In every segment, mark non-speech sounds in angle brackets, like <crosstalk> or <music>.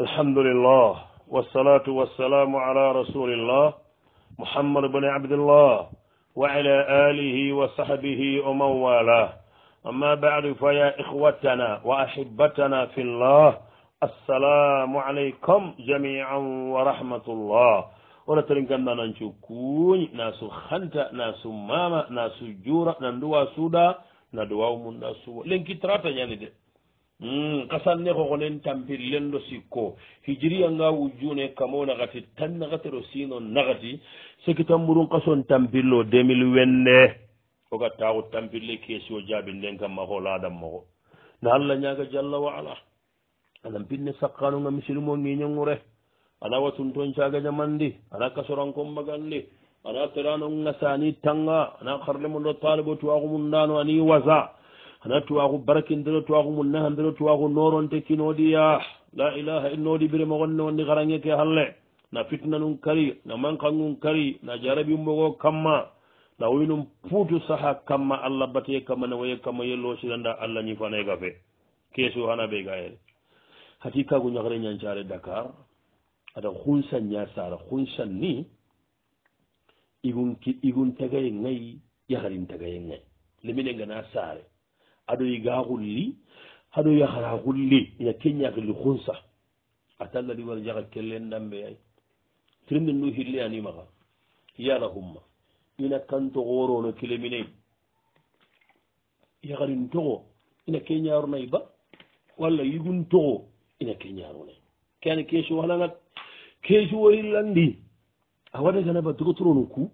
الحمد لله والصلاة والسلام على رسول الله محمد بن عبد الله وعلى آله وصحبه ومن والاه أما بعد فيا إخوتنا وأحبتنا في الله السلام عليكم جميعا ورحمة الله wona taren ganda ناس kuuñi ناس ماما ناس na su سودا ندوا su juura nan duwa suuɗa na Hmm, kasan ne kokonen tampirilen do sikko hijiriya nga wujune kamo nakati tan nakatero sino nakati seki tamburun kason tampirlo demil wenne koga tawu tampirle kesio jabinden kam mako ladam mako na allah ñaga jalla waala anan pinne sakkanunga misilumo ngiñongure ana watunton caga jamandi ana kasorankonmbagandi ana teranongasani tanga ana karlemundo talibo tuwakumundano ani waza hana tuwaku barkindiro tuwaku munnehandiro tuwaku noronte kinoɗiya la ilaha innoɗi bire mawonne wonde karaŋeke halle na fitna num kari na mankanum kari na jarabi umɓogo kamma na woynum puutu saha kamma allah bate kamma na waye kamma ye losiranda allah ñifane gafe keso hana ɓe gayere hati kagu ñagre ñancare dakar ada hunsan ña sara hunsan ni igun ki igun tagaye gayi yaharin tagaye gayi lemine gana sare aɗoyi ga hulli haɗo yahara hulli ña keñakili hunsa a tallaɗi war jaha kellen ɗamɓe ay tirdin ɗu hille animaha yala humma ina kanto horono kileminey yaharin togo ina keñarunay ba walla yigun togo ina keñarunay keane keesu halanat keesu woyillandi a waɗagana ba dogotoronu ku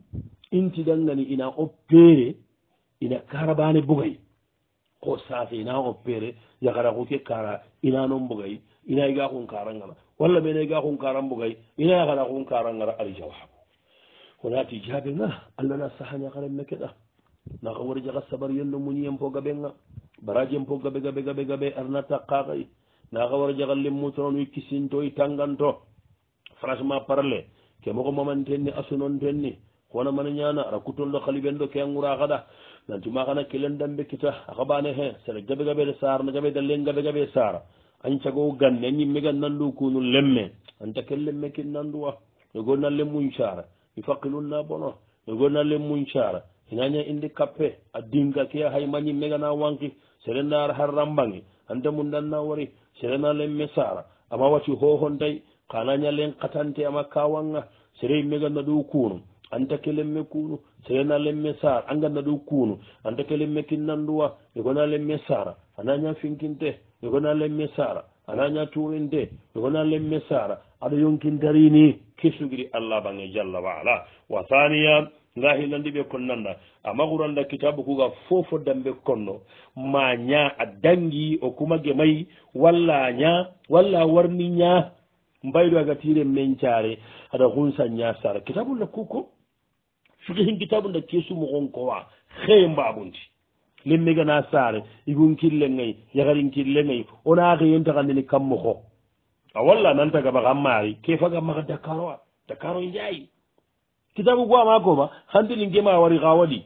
intidangani ina oppeere ina karabane bugay ko saafe ina oppeere yagara ku ke kara inanon bugay ina iga kun karangana walla mena iga kun karan bugay ina yagara kun karangara ari jawabu konati jaabe nga allah na sahanyakaren mekeɗa naka wori jaga sabar yendo muñiyen po gabe nga baraje po gabe gabe gabe gabe arna takkakay naka wori jaga lemmutoronu kisinto i tanganto franchement parle ke mogo mamanten ni asunonten ni kona mana ñana ara kutol ɗo kaliɓen ɗo ke ngura kada nan cuma kana kilen dambe kita akabane he sere gabe gabe de sar na gabe dalen gabe gabe sar an cago ganne nyi megan nan du kunu lemme an ta kelle me kin nan duwa e go nan lemmu nchara bi faqilun na bono e go nan lemmu nchara inanya indi kappe addinga kiya hay mani megana wanki sere nar har rambangi an ta mun dan na wori sere na lemme sara ama wati ho hon dai kana nya len katante ama kawanga sere megan na du kunu anta kelemme kuunu seyena lemme sar anganna ɗo kuunu anta kelemme kinnanduwa ekona lemme sara anaña finkinte ekona lemme sara anaña tuurinte ekona lemme sara aɗa yonkintarini kesugiri allah bange jalla waala wa haniya nga hillandiɓe kon nanna ama xuranda kitabu kuga fofo dambe konno ma ña a dangi o kuma ge mayi walla ña walla warni ña mbayru aga tiren men care aɗa hunsa ña sara kitabu lakku ko fiki hin kitabu nda kesumu gonkowa xee mbaɓundi lin megana saare igun killengay yakarin killengay ona xeyentaxandini kammu xo a walla nantagaba xan maari ke faga maxa dakaroa dakaro njayi kitabu gwama koma xantinin gema wari xa waɗi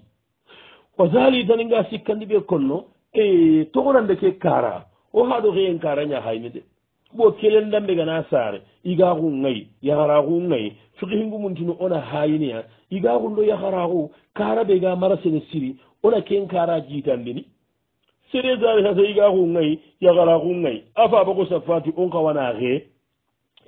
wa zali taninga sikkandi ɓe konno e toxonande ke kara o xaɗo xeyen karaña xayme de ɓo kelen dambegana saare igaxungay yaxaraxungay fiki hingumuntini ona xayinea igaaxunɗo yaxaraaxu kaaraɓe ga mara sene siri ona ken kaara jiitanndini sedesaresa sa igaaxungay yaxaraaxungay a faɓako safati on xawana xee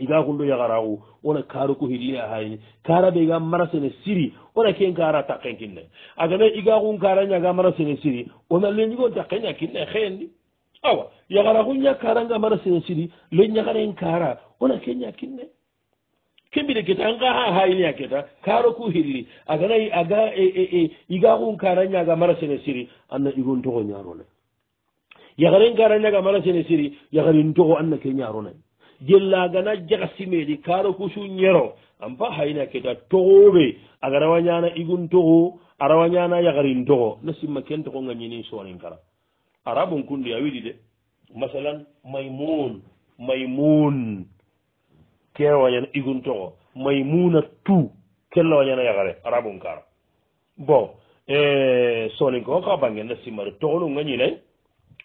igaaxunɗo yaxaraaxu ona kaaruku xirle a xayini kaaraɓe ga mara sene siri ona ken kaara taqen kinne agana igaaxun kaaraña ga mara sene siri ona leñigon taqeña kinne xeendi awa yaxaraaxunña kaaranga mara sene siri leñaxaren kaara ona keña kinne kebire gueta an ka ha hayniya gueta kaaro ku hirri agana aga e, e, e, igaxun karañaga mara sene siri anna igun toxo ñarona yaxarin karañaga mara sene siri yaxarin toxo anna ke ñarona jella agana jaxasimeedi kaaro ku su ñero an pa hayniya keta toxoɓe agarawa ñana igun toxo arawa ñana yaxarin toxo na simma ken toxo ga ñini sonin kara arabun kundi a widi de masalan maymun maymun keewañana iguntoxo may muuna tu kellawañana yaxare arabun kara bon e soninko xa bangen na simari toxolunga ñinay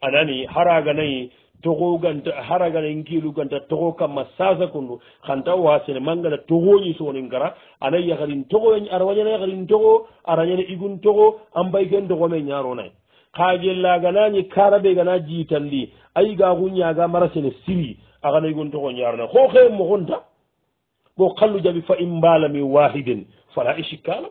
anani haraganayi toxoganta haragana inkiluganta toxo kamma sasa kundu xanta wasene mangana toxoñi sonin gara ana yaxarin toxo arawañana yaxarin toxo arañana igun toxo an bayken doxome ñaronay xa gellaganañi karabe gana jitandi ayigaxu ñaga mara sene siri aganay gontoko ñarna hooxe mo honta bo kallu jaɓi fa in mbala mi wahidin fala i e sikkala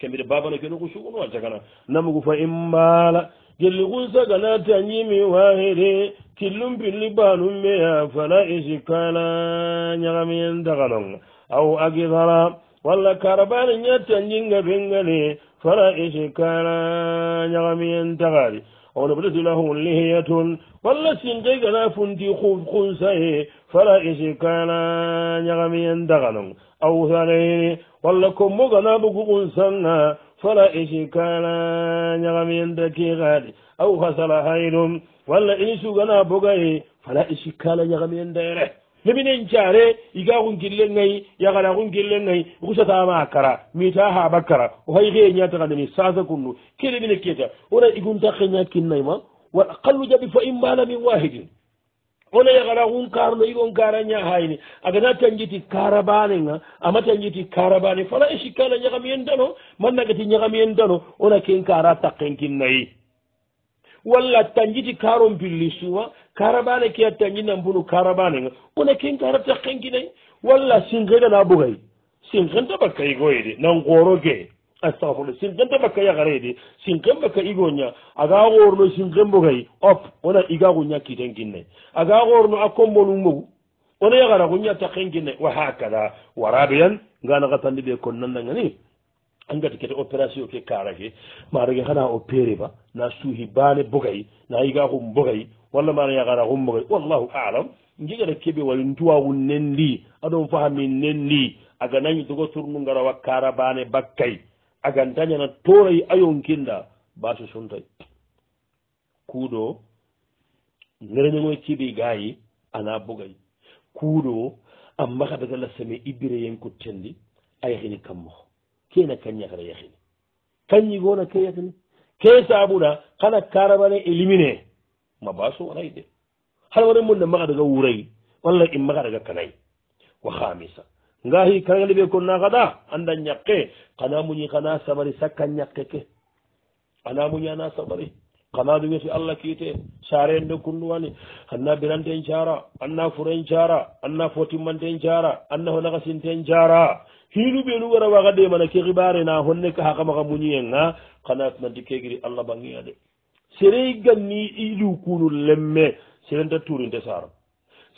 kembiɗe babano keno ko sugono a cagana namugu fa in mbala gelli kusaganati a ñimi wahide killum pilli banum meya fala i e sikkala ñagamien dagalong aw agidara walla karabani ñatti a jinga bengani fala i e sikkala ñagamien tagadi awono ɓeɗetilahum lihiyatun walla sinke gana fundi kunsae fala isikana ñagamiyen daganon awusanaini walla kombo gana bugu kunsanga fala isikana ñagamiyen dakiadi aw hasala haynum walla inisu gana bogaye fala isikala ñagamiyen dayre nebinen care iga kunkillengai yagara kunkillengai ikusatama kara mita habakara ohaiheñatakandeni sasa kunnu kelebine keta ora iguntakeña kinnaima wa aqallu jaɓi fo imbala min wahidin ono yagara un karno yigo on gara ña hayni agana tanjiti karabane ga ama tanjiti karabane fala esikkala ñagami en dano mannagati ñagami en dano ona ken kara taqen kinnayi walla tanjiti karon pilli suma karabane ke a tanjinan bunu karabane ga ona ken kara taqen kinayi walla sinkegana bugay sinken tabakkayigoyde nan goroge astahfirlla sin gembeɓakka yagareede sin gembeka igoña aga xoorno sin gembogay op wona igaxuña kiten ginne aga xoorno a kombolum mogu wona yagaraxuña taqen ginne wa hakada waraɓeyan ngana xatandi ɓe kon nandangani angati kete opération ke karake marege xana opére ba na suuxi baane bogay na igaxum bogay walla mana yagaraxum bogay wallahu alam njegata keɓe wali ntuwaxun nen ndi aɗon faxami nen ndi aga nañi dogo turnu ngarawa kara baane bakkay agantañana torayi kudo basu suntay kuuɗo nereñagoye ciibi gayi ana kudo an maka kaɓe gala mai ibbire yanku tendi a yahini kammoho kena kan yi gona ke yahini ke sabuɗa kana karabane élimine ma su warayi de hara wara mun da maka daga wurai walla in maka daga kanai wa khamisa ngahi karagali ɓe ko nagaɗa anda ñakke kana muñi kana sabari sakka ñakke ke ana muñi ana sabari kana ɗum wiyete allah kiite sarende kunnuwani anna biranten jara anna furen jara anna fotimmanten jara anna ho nagasinten jara hiruɓe nu wara waga de mana ke xibare na honne ka hakamaka muñi en ga kana nanti kegiri allah bangia de serei ganni iɗu kunu lemme serenta turinte sara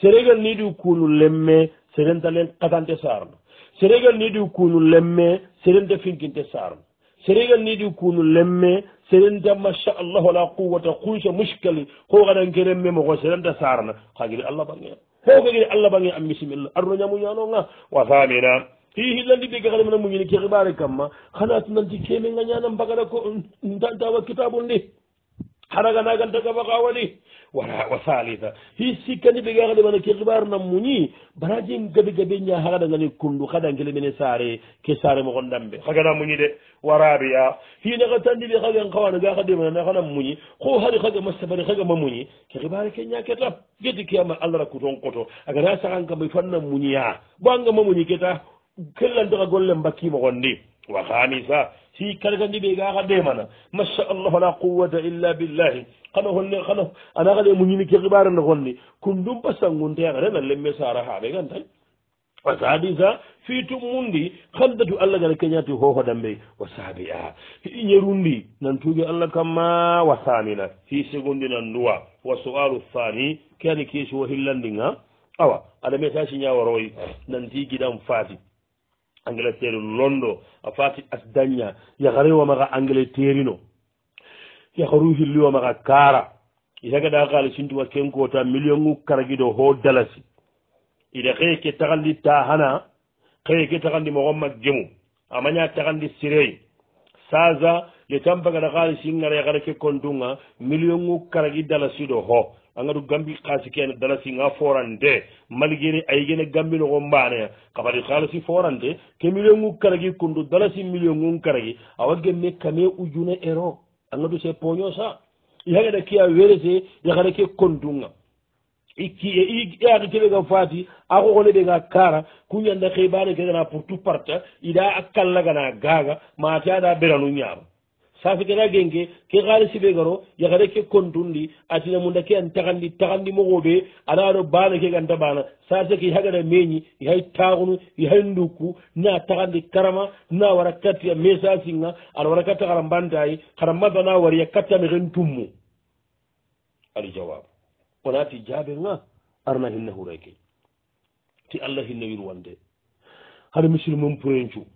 serei ganni iɗu kunu lemme serenta len katante sarno seregal niɗi kunu lemme serenta finkinte sarno seregal niɗi kunu lemme serenta machallah wala quwata kunsa muskali hoganake remme mogo serenta sarna hagiri allah bange hokogiri allah bange an bisimilla aduno ñamuñanoga wasamina hihilandi ɓe gaxa ɗemana muñini ke xibare kamma xana tunanti keme ga ñana mbagata ko ntantawa kitabu ndi حرقا ناقل تقفق أولي وثالثة هي سيكان دي بيغا غدبانا كي غبارنا موني براجين قبي قبي نيا حقادا غني كندو خدا انجل مني ساري كي ساري مغن دمبي خاقنا موني دي ورابيا هي نغتان دي بيغا غنقوانا غا غدبانا ناقل موني خو هاري خاقا مستفاري خاقا موني كي غباري كي نيا كتا جدي كي اما الله كتون كتو اگر ناسا غنقا بيفانا موني بوانا موني كتا كلا ندغا غلن باكي مغن دي وخامسة si kargandi ɓe gaxa ɗemana machallah fala quwata illa billahi xano holle xano ana xaɗe muñini ke xiɓarana xonni kun dum pasangunte a xaɗena lemme sara xaɓe gantay wa sadisa fitum mundi xandatu allah gana keñati xooxodambe wa sabia i ñerundi nantuge allah kamma wa samina fi segundi nan duwa wa soalu thani ke ani kesi wo hillandinga awa aɗa me sa siñawaroy nanti giɗan fasit engrais feere londo a faati as dagña yakari womaxa engrais teerino yakaru hilli womaxa kaara yagaɗa xaali sintuwa kenkoota million u karagiɗo ho dalasi ida xee ke taxandi taxana xee ke taxandi moxonma gemu amaña taxandi sirey saza le tampagaɗa xaali singara yaxara ke contunga million u karagi dalasiɗo ho angadu gambi kasi kene dalasi nga forande maligere aygene gambi logo mbane kabadi kalasi forande ke million ngu karagi kundu dalasi million ngu karagi awage me kame ujune ero angadu se ponyo sa yaga da kiya werese yaga da ke kondunga ikki e yaga kebe ga fati ako gole be ga kara kunyanda khibare ke na pour tout parta ida akalla gana gaga ma tiada beranu nyaaro safikena genke ke halisibe garo yakhare ke kontundi atina munda ke an takhandi takhandi mokhoɓe ana aɗo bana ke ganta bana sarse ke hagana meñi ihay takunu ihay ndukku na takhandi karama na wara kattiya mesa singa aɗa wara katta hara mbantayi hara mata na wariya kattami hen tummu ali jawabu onati jaabe ga arna hinna hurayke ti allah hinna wirwande hara misilu mum pourencu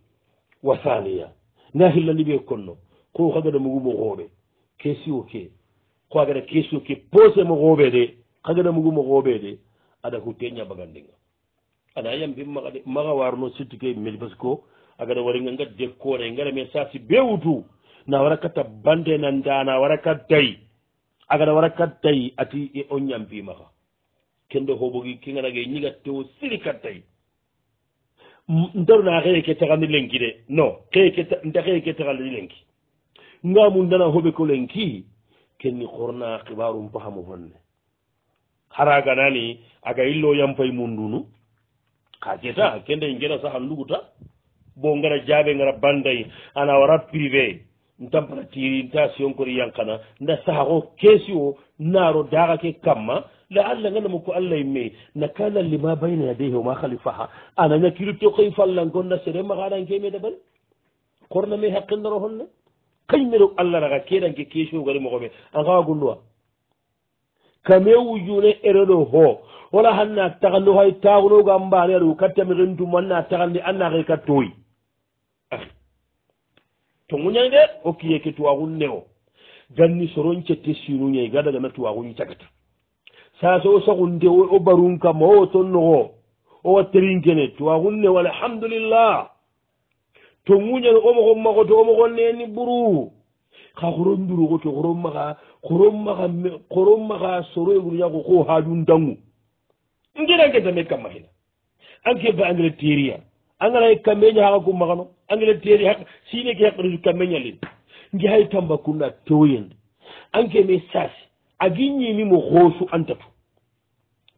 wa thaniya na hillandi ɓe konno ko hagada mugumo hoɓe kesio ke ko agada kesio ke posemo hoɓe de hagada mugumo hoɓe de aɗa huteña bagandinga ana yambi maade maga warno sirti ke mili parce que agada waringa ngad dekkore ngara me sasi be wutu na wara katta bande nanda na wara kattayi agada wara kattayi ati e o ñambi maha kendo hoɓogi kiganage ñiga tewo siri kattayi ndaru na xeye ke taxandi lengki de non xeye ke nda xeye ke taxandi lengki ngamum dana hoɓe kolen ki kenni korna kibarum pahamo honne hara ganani aga illo yampay mundunu ka jeta kende en geɗa saha nduguta bo gara jaabe gara banday ana wara privé ntampata tiri nta sionkori yankana nda saha ko keesi o naaro daakake kamma la allah ngandamo ko allah me na ka lalli ma bayna yadeyhi o ma halifaha ana ñakkiru tokoy fallankon na sere maganankemedabal korna me haqqinnoro honne kañumero allah naga keɗanke question gari mogoɓe an kawa gulluwa kame wujune ereɗo ho wala hanna tagalli hay tagunoga mbane aɗu kattami rentum anna tagalli anna xe kattoyi ah. toguñani de o kiyeke tuwaxun newo ganni soron cette sinuñayi ga dagana tuwaxun cagata sase o sagunde o barun kama o wo ton noxo o wa terin kene tuwaxun newo alhamdulillah to muñano omoxon mako to omoxon neeni ɓuru xa xoron durugo to xoron maxa xoron maxa xoron maxa soro eguruñako ko haju ndangu ngiranke tame kamma xina anke ba engrais téria angaraye kambe ñaxaxa ku maxano engrais téri xa sineke xaqrisu kambe ñalin nge xay tambacuna tewoyende anke me sase agi ñimi mo xoosu antatu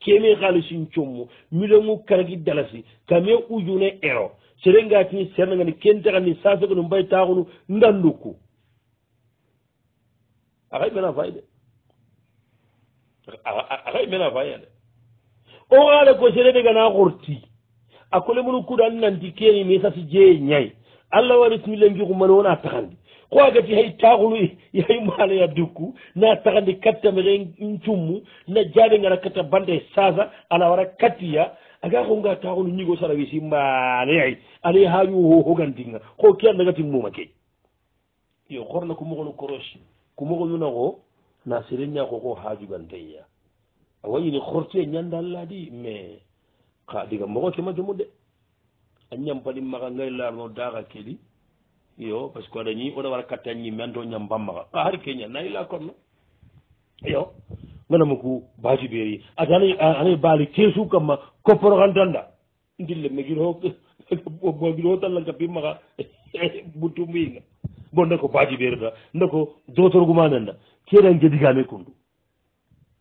kemi xalisin commo milongu karagi dalasi kame ujune ero serengati ni serdagani kentekani sasegono mbaytakunu ndanduku aka yimena fayi de aka yimena fayiya de o ale ko serede gana horti a kolemunu kuda an nanti keni mi sasi jeye ñayi allah wa bisimillangi kumane wona takandi ko agati hay takulu hay <laughs> mala ya dukku na takandi kattamexe cummu na jaɓe gara katta bande sasa ala wara kattiya aga xonga taxunu ñigo saravisi mbaane ay ale haaju o hogantinga xo ke an dagatim muma ke yo xorna ku moxonu koroc ku moxonu naxo na sere ñaxoxo haajuganteya awa ini xorte ñandal ladi mais xa diga moxo ke ma jomu de a ñampanim maxa ngay larno daaxa keli iyo parce que aɗañi oɗa wara katta ñimme anto ñampan maxa xa xar keña nayila korno iyo ganama ko baji ɓeeri adana ana baali keesu kamma koporokantanda ndille megiroomagiro <laughs> tallankapimaka <laughs> buttumbiinga bon nako baji ɓeerida ndako dotorgumanenda keɗan jedigami kundu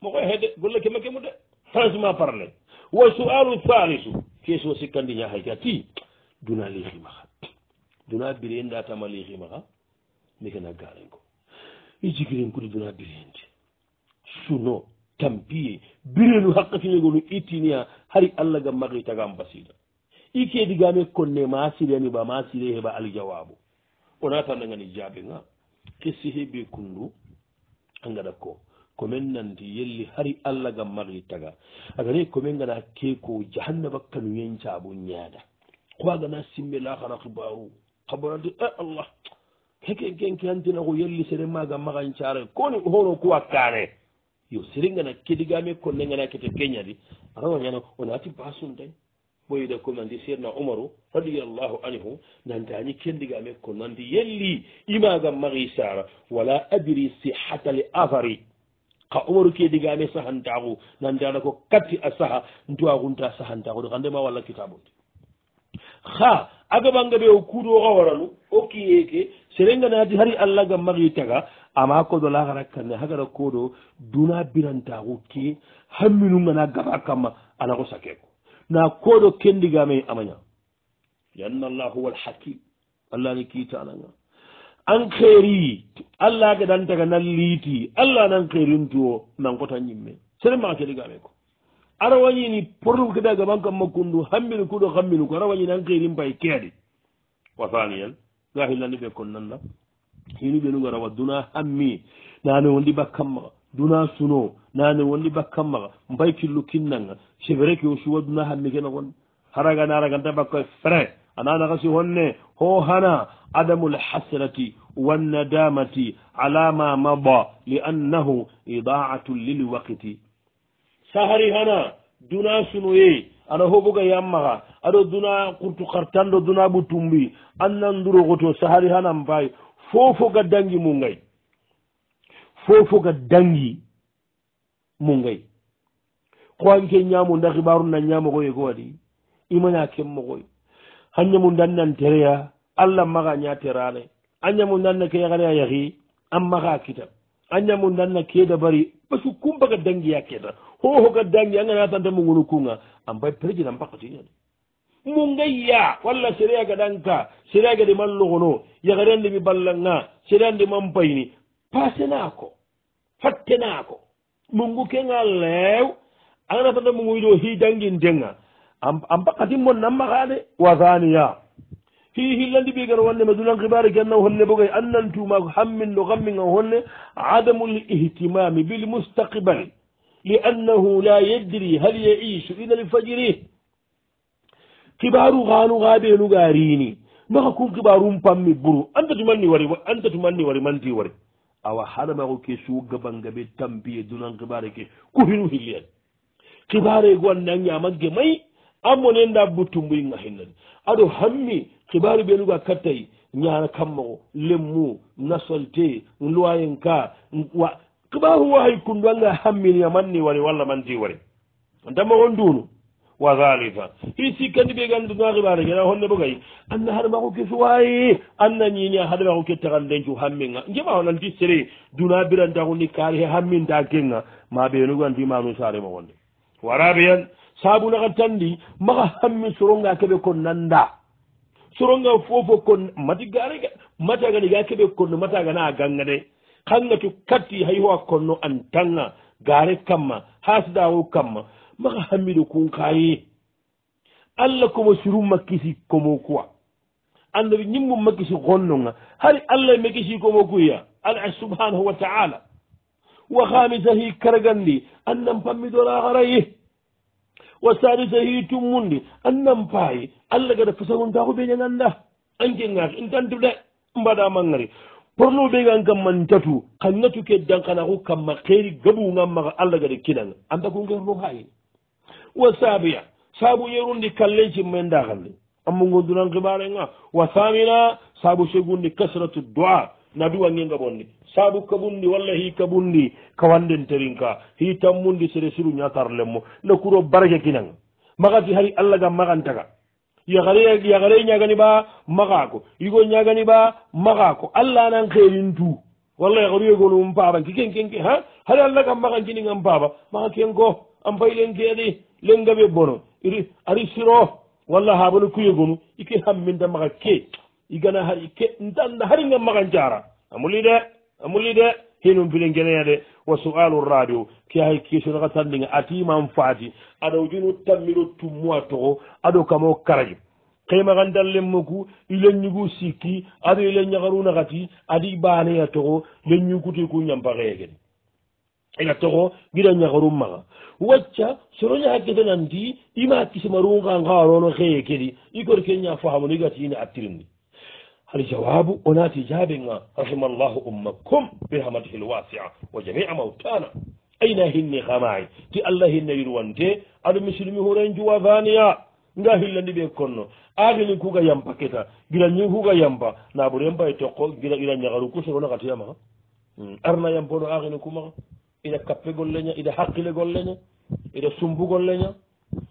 moko heede golle kema kemu de transement parlé wa sualu halisu keesu o sikkandi ñahayka ti duna liximaha duna biri ndatama liximaha mikena galen ko i jigirin kudi duna biri ndi suno tambiye birenu hakkatinegono ittiniya hari allah gam maqitagam basida i kediganme konne masireani ba masire heɓa aljawabu onatanagani jaabe ga kesi heɓe kundu angaɗa ko komin nanti yelli hari allah gam maqi taga agani komin gana keko jahannaba kanu yencabo ñaada kowagana simme lahara hibaru kabonanti e eh, allah heke genke hantinako yelli seɗen maga magancare koni hono kuwa kane yo siringana kedigami konnenganakete geñadi arama ñana o naati basunta ɓoyida ko nandi seerna umaru radiallahu anhu nandani kendigame ko nandi yelli imagam maghisara wala adiri sihata li afari ka umaru kedigame sahantagu nandana ko katti a saha ntuwagunta sahantagu de kandema walla kitabudi ha agabangabe o kuudo o xawaranu o kiyeke serenganaati hari allah gam maxi taga amma koɗo lagara kanne hagara koɗo duna birantaku ke hamminugana gaba kamma alako sakeko na koɗo kendigame amaña lianna allahu huwa alhakim allah ni kitananga an keeri allah ge dantaga nan liiti allah nan keerintu o nankotan ñimme sere maa kedigame ko ara wañini porlum keda gaban kamma kundu hammini kuɗo hamminu ko ara wañini an keerin pay keede wasaniyen gahillandi ɓe konnanna hini ɓenugara wa duna hammi nane wondi bakkammaga duna suno nane wondi bakkammaga mbay killu kinnanga sebere ke o suwa duna hammi kena gon haraga naraganta bakko e fre ananakasi honne ho hana adamul hasrati wannadamati ala ma mada liannahu idaatu lilwakiti sahari hana duna sunoye aɗa hoɓuga yammaha aɗo duna kurtu kartanɗo duna ɓutumbi annanduro goto sahari hana mbay fofoga dangi mu ngay fofoga dangi mu ngay kowaki ke ñaamo nda xibaru na ñaamogoye go wadi imana kemmogoy hanñamu ndannan tereya allah maxa ña terane añamu ndanna ke yaxare a yaxi an maxa kita añamu ndanna keda bari parce que kumbaga dangi ya keta hoofoga dangi a ngana tantamu ngunu kunga an bay président mbaqatiñade mun ngayya walla sereyaga ɗanka sereyaga de man logono yagarande mi ballan ga sereyande man payni pasenako fattenako mungu kenga lew agana fata mungu yido hidanguindenga ampakati mon nammaka de wasaniya hi hillandi ɓigar wonne madulankibari kenna honne bogay annantumako hamminɗo kamminga honne adamul ihtimami bilmustaqbal li annahu la yedri hal yaishu ina lfajiri kibaru ganu ha ɓenugarini maka kum kibarum pammi buru anta tumanni wari anta tumanni wari manti wari awa haɗamako ke sugabangabe tampiye dunan kibareke ku hinu hilliyan kibare gowanna ñamagge mayi ammonenda buttumbuyi ga hinnani aɗo hammi kibaru ɓenuga kattayi ñana kammako lemmu nasolte loyen ka wa kibaru wahay kunduanga hammini amanni wari walla manti wari dambagon ndunu wa halifa i sikkandi ɓe ganndi no aribare gena honne bo gay anna hade maku ke suwayi anna ñini a hade maku ke tagan lencu hamminga njeɓa honanti sere duna birantakundi kaari he hamminta kenga ma ɓenugandi manu sarema wonde waraɓeyan sabuna ka tandi maka hammi soronga keɓe kon nanda soronga fofo kon mati gare matagani ga keɓe konno matagana a gangane kangatu katti hayhowa konno an tanga gare kamma hasdawo kamma maka hammiɗo kun kaye allah komo siru makkisi komo kuwa annabi ñimmu makkisi gonnoga hari allah makkisi komo kuya ala subhanahu wa taala wa hamisa hi karagandi annan pammidora haraye wa sadisa hi tummundi annan paayi allah gada fasaguntako ɓeña ganda ankega intantu ɗe mbaɗamangari porno ɓega kamman tatu kannatu ke dankanaku kamma keri gabuga maga allah gada kinaga anda kunkerno hayini wa sabia saabu yerundi kalleji men dahalle ammo gonduna kibare nga wa samina saabu segundi kasratu dua naduwangenga bonni saabu kabundi walla hi kabundi kawandenterin ka hi tammundi sere siru ñatarlemmo nde kuro barake kinanga magati hari allah ga magantaga yagare ñagani ba magako yigo ñagani ba magako allah nan kerin tu walla yagaruyegonumpaban kikenkenke ha hari allah ga magankininganpaba magakenko anpaylenkedi lengawe bono ari siro walla ha bono kuyegonu ike hamminda maga ke igana har ike ndanda haringa maga jara amuli de amuli de henum bile geneya de wa sualu radio ke hay question ka tandinga ati mam fati ado junu tammiro tumwa to ado kamo karaj kema gandalle moku ilenyugu sikki ado ilenyagaruna gati adi bane ya to lenyugu ti ku nyambare gedi ina toxo gida ñaxaru maxa wacca soroña xa ketenandi ima kisemarunga ngaarono xeye kedi i kor ke ña faxamano i gatiini attirindi aljawabu onati jabenga rahima llahu ummakum birahmatihi lwasia wa jamia mautana ayna hinne xamaayi ti allah hinne yurwante aɗo musulmi huren juwa vaniya nga hillandi ɓe konno axini kuga yampa keta giranñin kuga yampa naɓuren bay toqo gira ira ñaxaru ku soronaxatiyamaxa hmm, arna yampono axini kumaxa ida kappegol leña ida haqqilegol leña ida sumbugol leña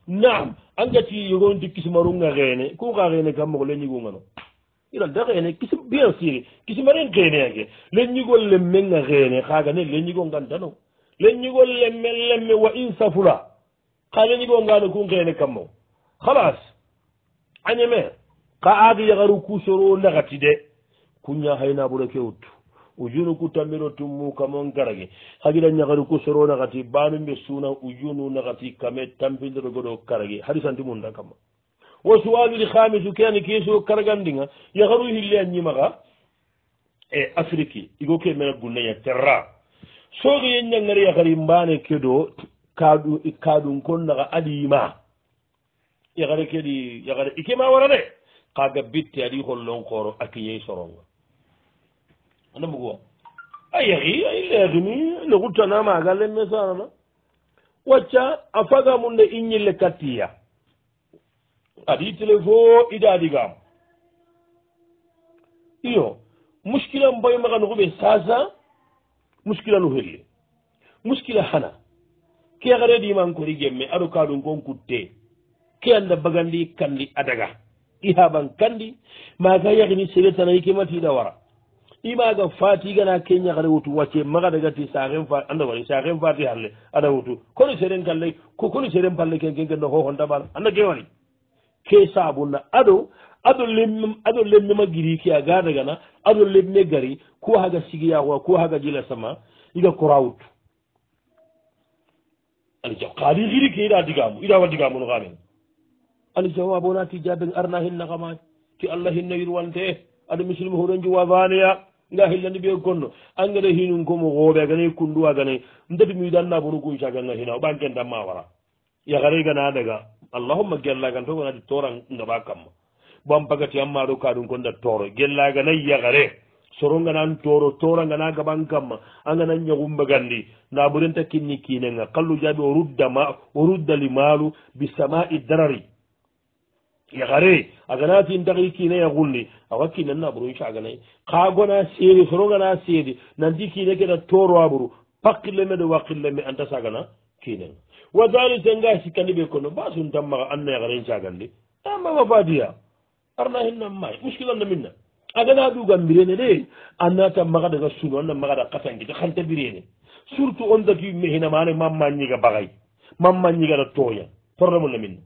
nam angati yogon di kisimarunga xeene ku xa xeene kam mog leñigungano ila da xeene kisi bien sûr kisimaren xeene ake leñigol lemmenga xeene xaaga ne leñigongan dano leñigol lemme lemme wa insafula xa leñigongano ku xeene kam mog xalas añeme ka aagi yaxaru ku soro naxati de ku ñaxaynaɓuleke wuttu ujunu kutamiro tummu kamon garage hagira ñagari kusoro nakati banumbe suna ujunu nakati kame tampindirogodo karage hari santi munda kama wo suwalili hamisu keni kiso karagandinga yaharu hille a ñimaka e afrique igo ke mena gunneya terra sogiye ñangari yahari mbane kedo kaɗum kon naka aliyima yahare kedi yahare ikema warade kaga bitte aɗi hollon koro akiyey soronga ana bugu wa a yahi ay leerimi ne xuttana maaga len me sarana wacca a fagamu nde i ñille kattiya adi tele fo idaadigaam iyo muskila mboy maxanu xuɓe sasa muskila nu xirli muskila xana keexare diman kori gemme aɗo kaadun kon kutte ke anda bagandi kandi adaga i haɓan kandi maaga yaxini seretanayi ke matiɗa wara imaga fatigana keña xane wutu wacce maxa dagati saxen fa andawari saxen fati xarle ada wutu kono seren kal ley ko kono seren palle ke ken kenno xoxontabala anda ke wani ke sabunna ado ado lem ado lemmema giri ke a ga dagana ado lemme gari ku xaga sigiyaxuwa ku xaga jila sama iga kora wutu ani jaw kadi xiri ke ida digamu idawa digamuno xamen ani jawa bona ti jabeng arna hinna xama ti allah hinna yirwante ada muslim horenjuwa vaneya nga hillani ɓe gonno angene hinum komo hoɓe aganayi kundu aganayi ndati mi danna bonu gunca ganga hina o ɓa gendanma wara yakareygana daga allahumma gellagan to wonadi toran ngaɓa kamma ɓon bagati ammaɗo kaɗum gonda toro gellaganayi yakare soronganan toro torangana gaɓan kamma angana ñagumbagandi na ɓurenta kinni kinenga kallu jaɓi o ruddama o ruddali maalu bisama'i darari yahare aganati ndagi kine ya gulli awa kine naburu incha aganai kagona seri sorongana seri nandi kine keda toro aburu pakileme do wakileme antasa agana kine wadhali tenga sikandibe kono basu ntamaga anna ya gare incha agandi ama wabadia arna hinna mai muskila na minna agana duga mbirene le anata magada ga sunu anna magada katangi ta khanta birene surtout onda ki mehina maane mamma nyiga bagay mamma nyiga da toya problemu na minna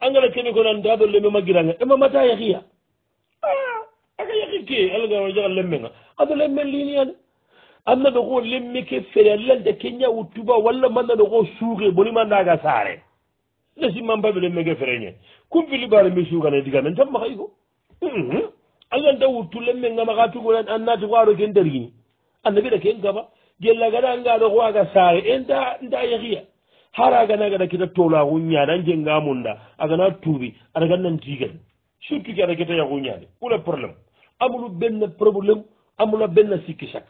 angala keni ko nan daɓolle mi maggiranga e mamata yahiya ah, aka yahi ke allah jaga lemmenga ado lemmen liniyane annaɗo ko lemme ke fere allahnda keña wuttuba walla mannaɗo ko suuke bonimandaga saare nasimmanpaɓe lemme ke fere ñe kum filibare mi suukane digamen tan maxayi ko mhm. allahnda wuttu lemmenga maxa tugoa annati ko aɗo ken darini annabiɗa ken gaba gellagaɗa ngaɗo ko aga saare e nda nda yahiya har agana gada kita tolaxuñana njengamunda agana tuuɓi ada gannantigani surtout ke ada kita yaxuñani kula probléme amulu benna probléme amula benna sikki sak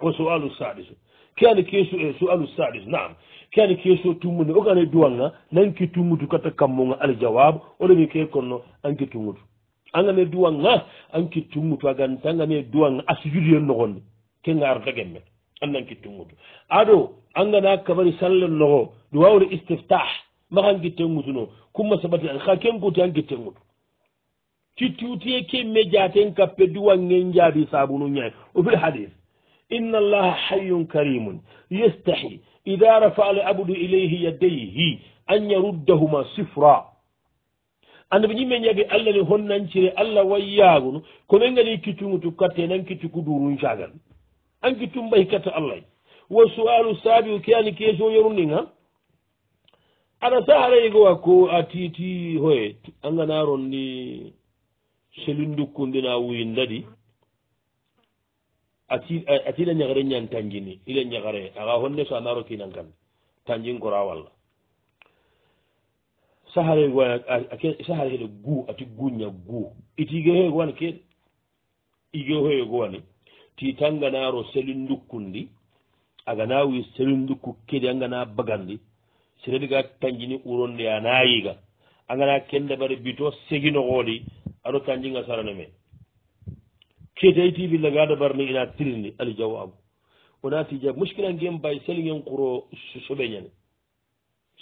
o soalu sadis ke ani keso e eh, soalu sadis naam ke ani keso tummude ogane duwanga nanke tummutu kata kammunga aljawab olemi ke konno anke tummutu angane duwanga anke tummutu agantangane duwanga asujudu yen noxonde kenga arta gemmen annanki tunngudu aɗo angana kabari sallallogo ɗi wawde istiftah makan gittenngutuno kumma sabati an ha kenkuti han gittenngudu ti tutiye kemme jaten kappe du wangen jaabi sabunu ñay o fil hadis inna allaha hayyun karimun yestahi ida rafa al abdu ilayhi yaddayhi an yaruddahuma sifra annabi ñimme ñage allah ni honnancire allah wayyagunu konen gani kittugutu katte nan kittu ku durun cagal anki tumbay kata allah wo sual saabi keani question yorundinga aɗa saha rayigowa ko a titi hoye anganaron ni selu dukkundina wuyindadi atiila ñakare ñan tanjini ila ñakare aga honne so anaro kinankan tanjin kora walla saharegowani sahare hede gu ati guña gu itiigehoye gowani ke igehoye gowani titangana ro selin dukkundi agana wi selin dukku kedi angana bagandi seredi ga tanjini uronde a nayiga angana kende bare bito segino ooli aɗo tanjinga sarana men keetay tivilla gaada barni ina tirindi ali jaw abu wonati jab muskilangen bay selingen kuro soɓeñane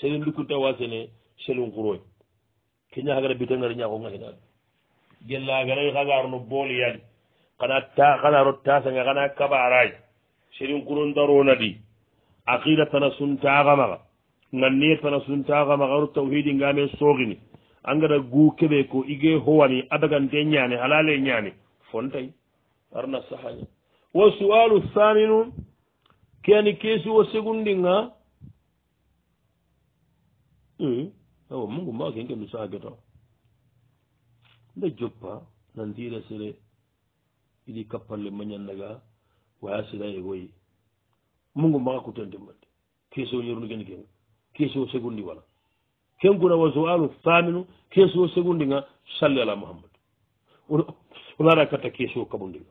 selin dukku tawa sene selin kuroy keña hagara bitogari ñako gahinaɗo gellagaray hagarno booliyani kana ta kana rotta sanga kana kabaray sirin kurun darona di aqida tana sunta gama nganni tana sunta gama garu tauhidin game sogini anga da gu kebe ko ige howani adagan de nyane halale nyane fontai arna sahanya wa su'alu thaninu kani kesi wa segundinga eh awu mungu ma kenge misage to da joppa nan dire sire ili kappalle mañannaga wayasida e goyi mungu maga kutante mbadde keso ñeruni gendi kenga keso o segundi wala kenguna wa zoalu faminu keso o segundi nga salli ala mouhammadou onara katta keso o kabundinga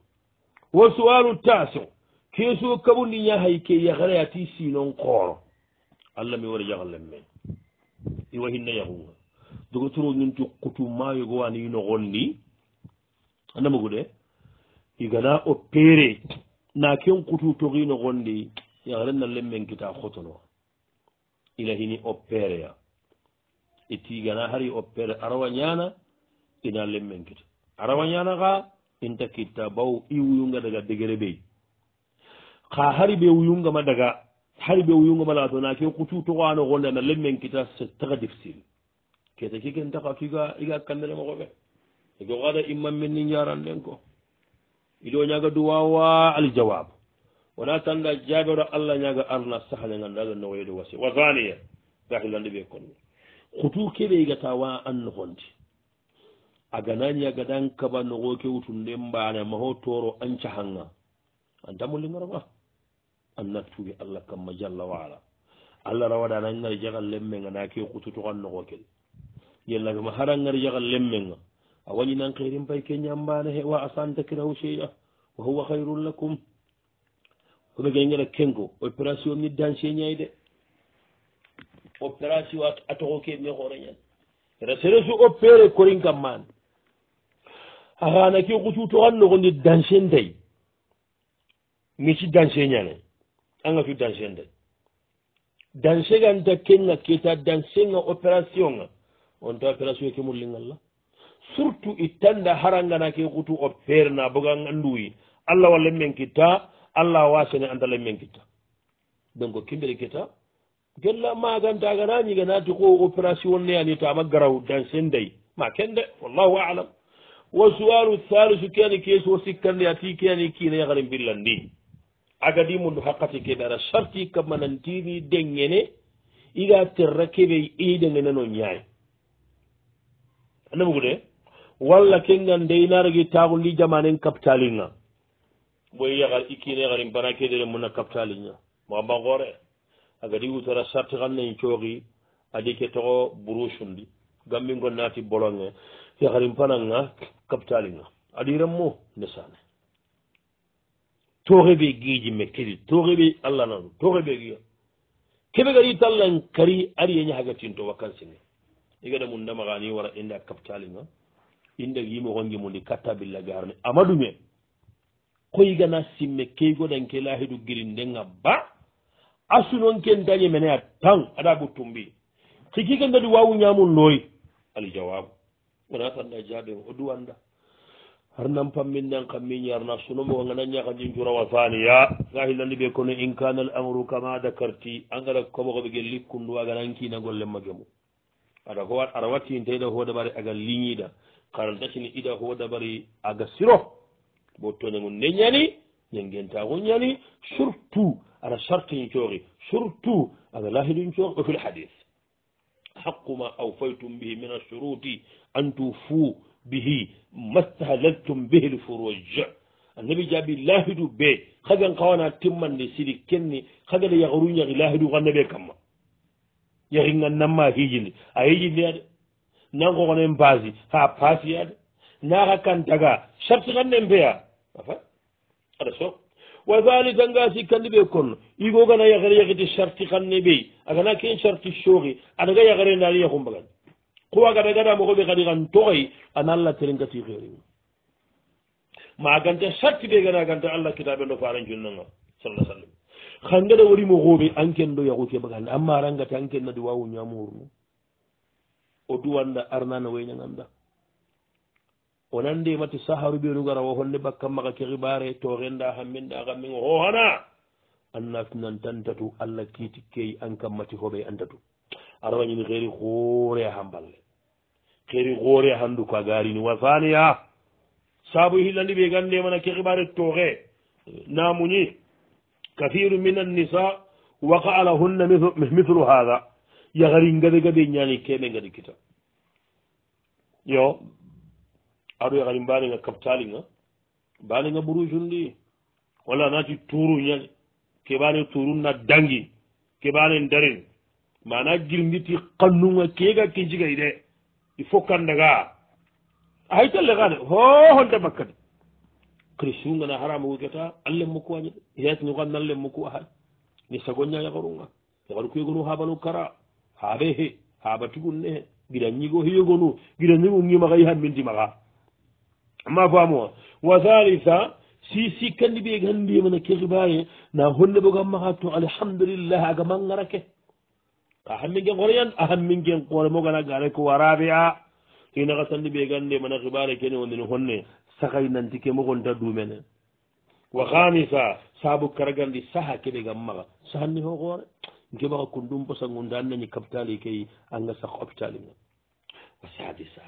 wa zoalu tason keso o kabundi ñahay ke yahrayati sinon kooro allah mi wara jahallen men iwa hinna yahunga dogotoro ñuntu kutu mayogowani ino gondi anamogude igana o peere na ken kutu togino gondi yagrennalle men kita hotono ilahini o peereya iti igana hari o peere arawa ñana ina len men kita arawa ñana ka inta kitta baw i wuyunga daga degere ɓey ka hari ɓe wuyungama daga hari ɓe wuyungama daga to na ke kutu togoano gondi ana len men kita c'est trés difficile kete kiken taka kiga iga kandere mogoɓe ego gada imma men ni jaranɗen ko iɗo ñaga duwa wa aljawab wona tanga jaɓero allah ñaga arna sahale ganduɗaga no wayde wasi wa zaniya gahilande ɓe konno hutu keɓeygata wa anno honde a ganani a gadan kaba nogo kewtunde mbane maho toro an cahanga an tamolligoro ma an nattuɓe allah kamma jalla waala allah rawaɗanangar jagal lemmenga na ke hutu tokan nogo kel yellaɓema haragar jagal lemmenga a wañinan kayrin bayke ñambana hewa asante kirawo cheyɗa wa huwa hayrun lakum kono gay gaɗa kengo opération ni danse ñayde opération a toxo keme hoore ñan ra sereso opére korin kam man axana ke xusu toxan noxo ndi danse ndey mi ci danse ñane a ngatu danse ndey danse ganta kenga keta danse nga opération nga onta opération ke mulingal la surtout ittanda harangana ke kutu o perna boga anduyi allah wallen men kitta allah wasene andalen men kitta donc kimbere kita gella magantaganañiganati ko opération neyani tama garaw dan sendey ma kende wallahu alam wo suwalu thalisu keani kees wo sikkande ati keani kiina yagarin billan ndi agadi mundu hakkati keɓe ara sarti kammanantini deggene iga terra keɓe ey deggenano ñaay anamugude walla kengan ndeynaragi taaxu lijamanen capitalinga boy yaxar ikkine xarin bana kedere muna capitalinga maxamba ngoore agadi wutara sarti xan nen cooxi adi ke toxo brouchendi gambingo naati bolonge yaxarin pananga capitalinga adirenmo ndesane toxeɓe giijime kedi toxeɓe allah nanu toxeɓe gia keɓe gadi tallan kari ariyeñahagatinto wakkan sine igada mun ndamaxani wara enda capitalinga inde yimogonge mundi kattabilla garne amaɗumen koyigana simme keygoɗanke lahidu giri ndenga ba asunonken dañe mene a tan aɗa ɓuttumbi sikike ndadi wawu ñamum looyi alijawabu wona tanda jaɓen o duwanda harnan pammin nan kammiñi arna sunomogogana ñakajin curawa faniya gahilandi ɓe kono in kana l amru kama dakarti angara koɓogoɓe ge likkunduwa ganankinagollemmage mum aɗa ko aɗa watintayiɗa hoodaɓare aga liñiɗa قال دخني إذا هو دبري أجسره بوتونا من نجاني ينجن تاون شرطو على شرط ينشوري شرطو على الله ينشور وفي الحديث حق ما أوفيتم به من الشروط أن توفوا به ما استهللتم به الفروج النبي جاب الله دو بي خذ قوانا تم لسيدي كني خذ يغرون يغي الله دو غنبي كما يغينا نما هيجي أهيجي nango xonen basi xa pasiyade naxa kantaga charte xannen peya afa aɗa soo wadalika nga si kandi ɓe kon igogana yaxere yaxiti charte xanne ɓey agana ken charte sooxi aɗaga yaxere ndani yaxumbagan kuwagaɓe gada moxoɓe xadi xan toxoy ana allah terengati xeerim ma ganta charte ɓe gana ganta allah kitabe ndo faran junnanga salalah sallam xan gada warimo xooɓe an ken ɗo yaxu ke bagan an marangata an ken nadi wawu ñamurnu o duwanɗa arnana wayña ganda o nande mati saharu ɓenugara o honde bakkam maka kehibare to renda hamminɗa kammin o hohana annafinan tantatu allah kiiti keyi an kam mati hoɓe antatu aɗa wañini heeri hoore a hamballe heeri hoore a handu ko a garini wasaniya saabu hillandi ɓe gande mana kehibare tohe namuñi kahiru minannisa waka ala hunna mithlu hatha yahari gade gade ñaani keɗe gadi kita yo aɗo yahari mbaniga kaptaliga mbaniga ɓurujundi walla anati turu ñani keɓani turu na dangi keɓani darin mana girditi kannuga kega kinjigay de il faut kandaga haytallegane hohonde makkadi krisugana haramuketa allemmukuwañe yeytnuganna allemmukuwa hay ni sagoñayaharuga yaharu kuyegonu habanu kara haɓe he haɓa tugunne giɗanñigo heyogonu giɗanñigo gimaka yi hammintimaka ma famo wa wa halisa si sikkandi ɓe gandimana e kehibare na honne bo gammaka to alhamdulillah aga mangarake a hammin gen kore yan a hammin gen kore mogana gare ko warabe a inaka sandi ɓe gandimana e hibare kene wonini honne sakay nanti ke mogonta dumene wa hamisa sabu karagandi saha keɓe gammaka sahanni ho kore guima hakkude ɗum bosa ngu dandañi capitali kay anga sakko hôpital i men saadi sa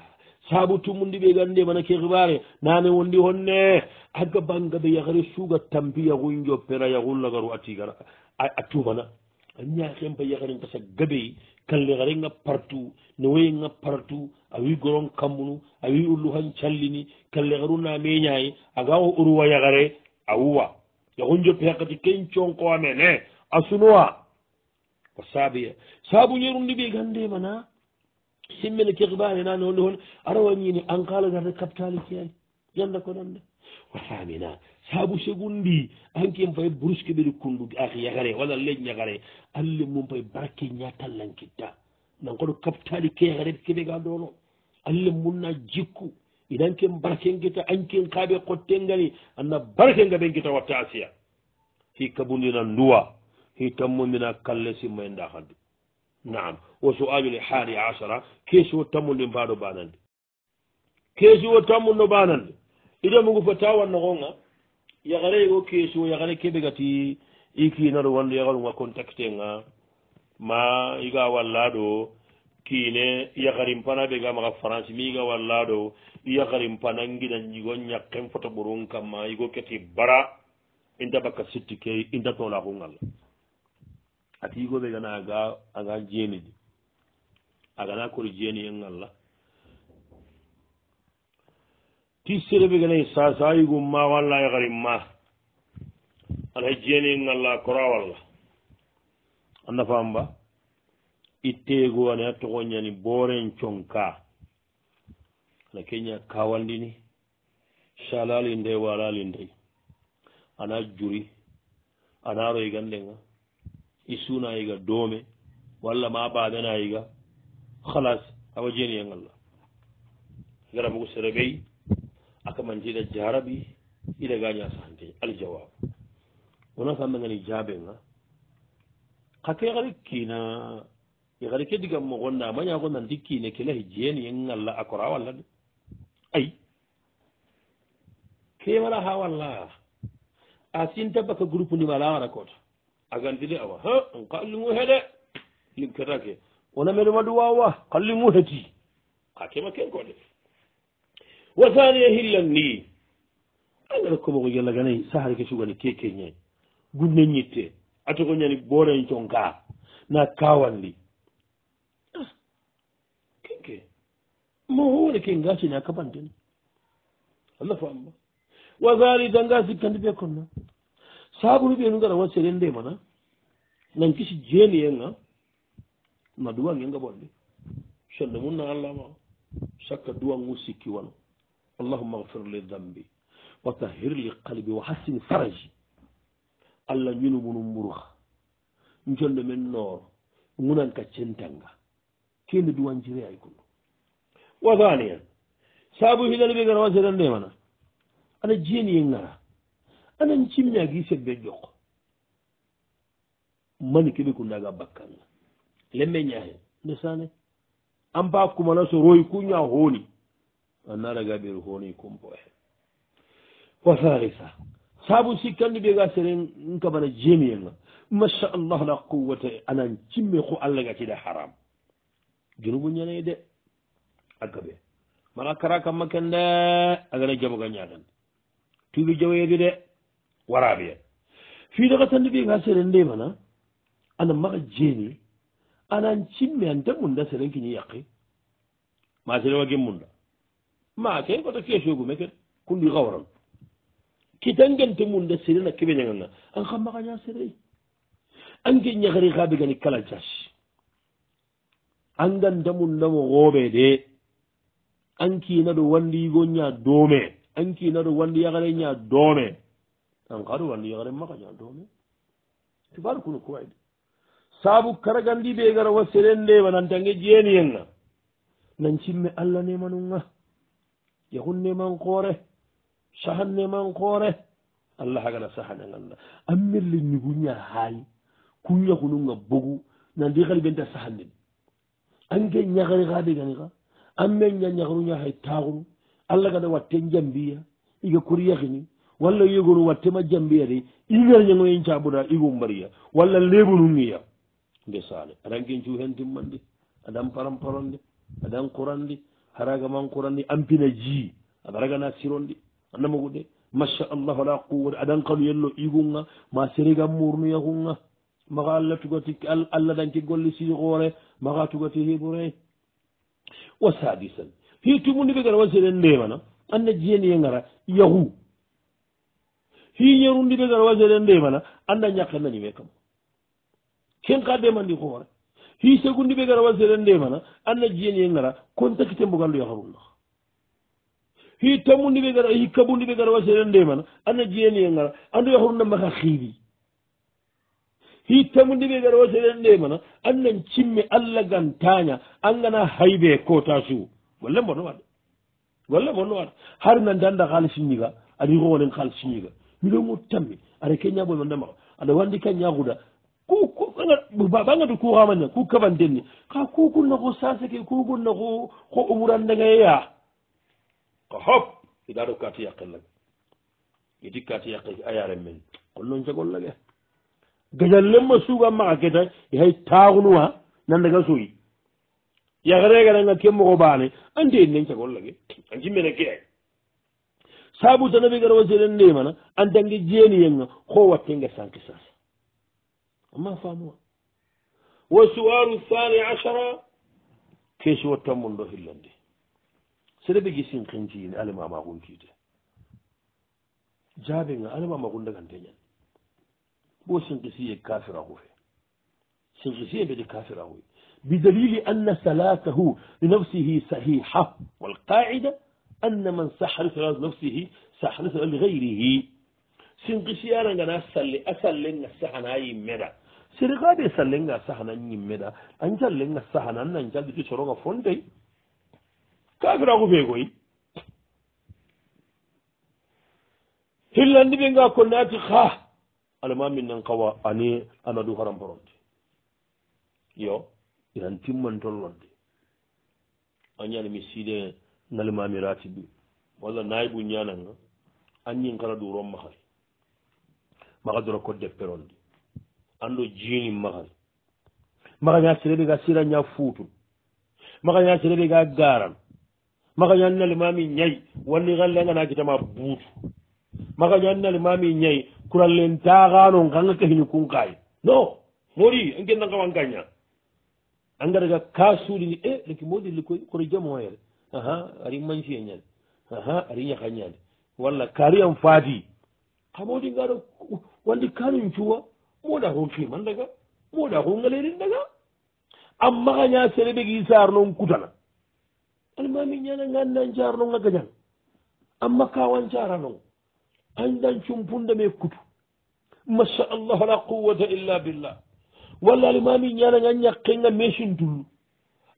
saabu tummundi ɓe gande mana ke hibare nane wondi honne aga bangaɓe yahare suuga tampiya hun jo pera yahullagaru atigara a tumana ñaken pa yahare gasa gabey kalle harenga partout ne woyenga partout a wi goron kammunu a wi ullu han callini kalle haru na meñayi agawo uruwa yahare a wuwa yahun jo pe hakkati ken conkowa mene a sunowa ko saabiya e. saabuñerundi ɓe gandemana simmine kekbane nane onde hon ara wañini an kala garde capitali ceeri ñanda ko nanda o hamina saabu segundi ankim fay brusque ɓeɗi kunduɓe ak yagare walla leñ yagare alle mum fay barke ñatallankitta nan koɗo capitali keyagareɓe keɓe ga ɗono alle munna jikku inankin barken guita ankin kaaɓe e qotten gani anna barken gaɓen guita watta asiya hi kabundina nduwa hitammo mina kallesi ma ndahandi naam wo so ajule hadi asara keesi wo tammu ndi mbaɗo banandi keesi wo tammu no banandi idomi ngufa ta wanno gonga yahare o keesi o yahare keɓe gati ikinaɗo wandu yaharunga contacté nga ma iga wallaɗo kiine yahari mpana ɓe ga maga france mi iga wallaɗo yahari mpana ngina jigo ñakken fota ɓorun kamma igo keti bara inta bakka sittikey inta tolakungalla a tigoɓe gana aga aga jeenidi agana kori jeeni en allah ti sereɓe ganayi e sasa yigo ma walla yagari e ma aɗa jeeni en allah kora walla a nafamba itteego ane a togoñani booren conka ana keña kawandini salali ndey walali ndey ana juri ana roy gandenga i suunayiga doome walla ma baɓenayiga halas awa jeeniyen allah gara mugo sere ɓey akaman jiɗa jaraɓi ila gañasahante aljawab wona kamɓe gani jaabenga kake xari kina i xari ke digam mo gonna mañako nandi kiine kelahi jeeniyen allah a kora walla de ay ke wala ha walla a sinta baka groupe ndima lawara koota dili awa ha n kallimu heɗe linketake wona mbeɗe waɗi wawa kallimu heti ka kema de wa thania hillan ni ko komoko yalla ganay sahara ke ke keke ñayi gunne ñitte atoko bore booren conka na kawanli kenke ah, mo hore ke ngasini a kaɓantene allah famba wa halita ngasi kandibe ɓe konna sabunu ɓe nugara wan seren nde mana nan kisi jeeni yenga na duwan yenga bonɗe shelle mum na allahma sakka duwan mu sikki wano allahumma gfir li dambi wa tahir li qalbi wa hassin faraji allah ñunumunu mburuha jonde men noor munan kaccentanga kende duwan jire ay kundu wa thaniyan sabu hidani ɓe gara wan seren nde mana aɗa jeeni yengara anan cimmiagi e sebbe jokko mani keɓe ko naga bakkanga lemme ñahen ndesane an ba kumana so roy kuña hooni annaraga ɓeru hooni kumpo hen wa halisa saabu sikkanni ɓega seren nkabana jemiyenga machallah la quwata e, anan cimmi ko allah gatide haram junubu ñanayi de akkaɓe mala kara kamma kende agana jaboga ñaganɗe tuɓi jawoyede de waraɓeen fiidoka tan ndeɓi ga seren ndemana ana maga jeeni anan cimmi anta munda seren kiñi yaqi ma sere wa gem munda ma ke koto fiyasogume ken kundi kawaran kitangente munda serena keɓeñaganga an xa maxaña serey anke ñaxari xaɓegani kala jas anganta mundamo xoɓe de an kiina ɗo wandi yigo ña doome an kiina ɗo wandi yaxare ña doome an kaaru wanni yagaren makaña doome tubaru kunu kuwayde saabu karagandi ɓe gara wasseren ndewa nantange jeeniyen ga nan cimme allah nemanun ga yahun neman koore sahan neman koore allah hagana sahanen allah anmirli nigunya haali kunyahununga bogu nandi kali benta sahanden ange ñagari kaɓe gani ka an men ña ñagaruña hay taguru allah gana watten jambiya iga koriyahini walla yegonu wattema jambiyadi igarñagoyen caɓuɗa igombariya walla lebonungiya nde saale aɗan kin cuu hen timmande aɗan paramparonde aɗan kurande haragaman kurande ampina jii aɗa ragana sironde annamogu de machallah wala quwwata aɗan kalu yello igunga ma serigam murnuya kunga maga allah tugati allah ɗanki golle sii koore maga tugati hiburay wa sadisan hi tumundi ɓe gara wa seɗen ndemana anna jiyandiye gara yahu hiñerundiɓe gara wasden ndemana anda ñakke nañime kam ken ka demandi hoore hi segundiɓe gara wasden ndemana anda jiyanie gara kon takite mbugandu yaharunna hi tammundiɓe gara hi kabundiɓe gara wasden ndemana anda jiyanie gara andu yahrunna maka xiiri hi tammundiɓe gara wasden ndemana anda cimme allah gan taña angana haybe kota suu walla mbono waɗa walla mbono waɗa har nandanda haalisiñiga adi hoonen haalisiñiga mbiɗomo tammi aɗa keñaɓo mandema aɗa wandi ka ñaguɗa kuɓagato kuramaña ku kabanten ni ka kukunnako sanseke kukunnako ko umurandagayeya ko hop iɗaɗo kati yakkellag iti kati yakke ayaren men kon noon cagollage gajal lemma suga maxa keta hay taxunuwa nandaga soyi yakregananga ke moxo ɓane andi en nen cagollage anci mene ke ay sabu sabuta nabi gara ne mana an dangi dange jeeniyenga ho wattenge sanki sasa amma famu wa suwaru thani ashara keesi wattan mun do hillande sede ɓe gisin kenciyini alimamagun kiite ma alimamagun daga teñan bo sun kisi sinkisiye kafirahu fe sinkisiye mbede kafirahu bi ko بدليل أن li لنفسه صحيحة والقاعدة anna man sahrita la nafsihi sahrita la ligayrihi sinkisiyana ngana salle a sallenga sahana yimmeda sirikade sallenga sahana yimmeda an callenga sahana anna an calliti soronga fonde kafira ko fee koy hillandi ɓe nga ko naati ha alama min nan kawa ani amadou haramporonte yo iran timmantollonde a ñani mi siide nalimami ratibi walla naybu ñananga anñin kala ɗu ron mahal mahadora kodde peronde anndo jiini mahal mahaña sereɗe ga siranña fuutun mahaña sereɗe ga garan mahañan nalimami ñayi wanni hallenga nakitama buutu mahañan nalimami ñayi kurallen taahano kanga kehini kun kaye no modi en kennan kawan gaña an gadaga kasuuɗini e eh, leki modi likoy kono jamoyere aha ari mañsiye ñande aha ari ñaka ñande walla kaariyam faati kamodi ngaɗo wandi kaarum cuwa moɗa ko kiman daga moɗa ko ngalerin daga ammakaña sereɓe gi sarnon kutana almami ñana ganndan carnon a gañan amma kawan caranon andan cumpundame kutu masha allah la quwata illa billah walla almami ñana ga ñakkenga mesin tullu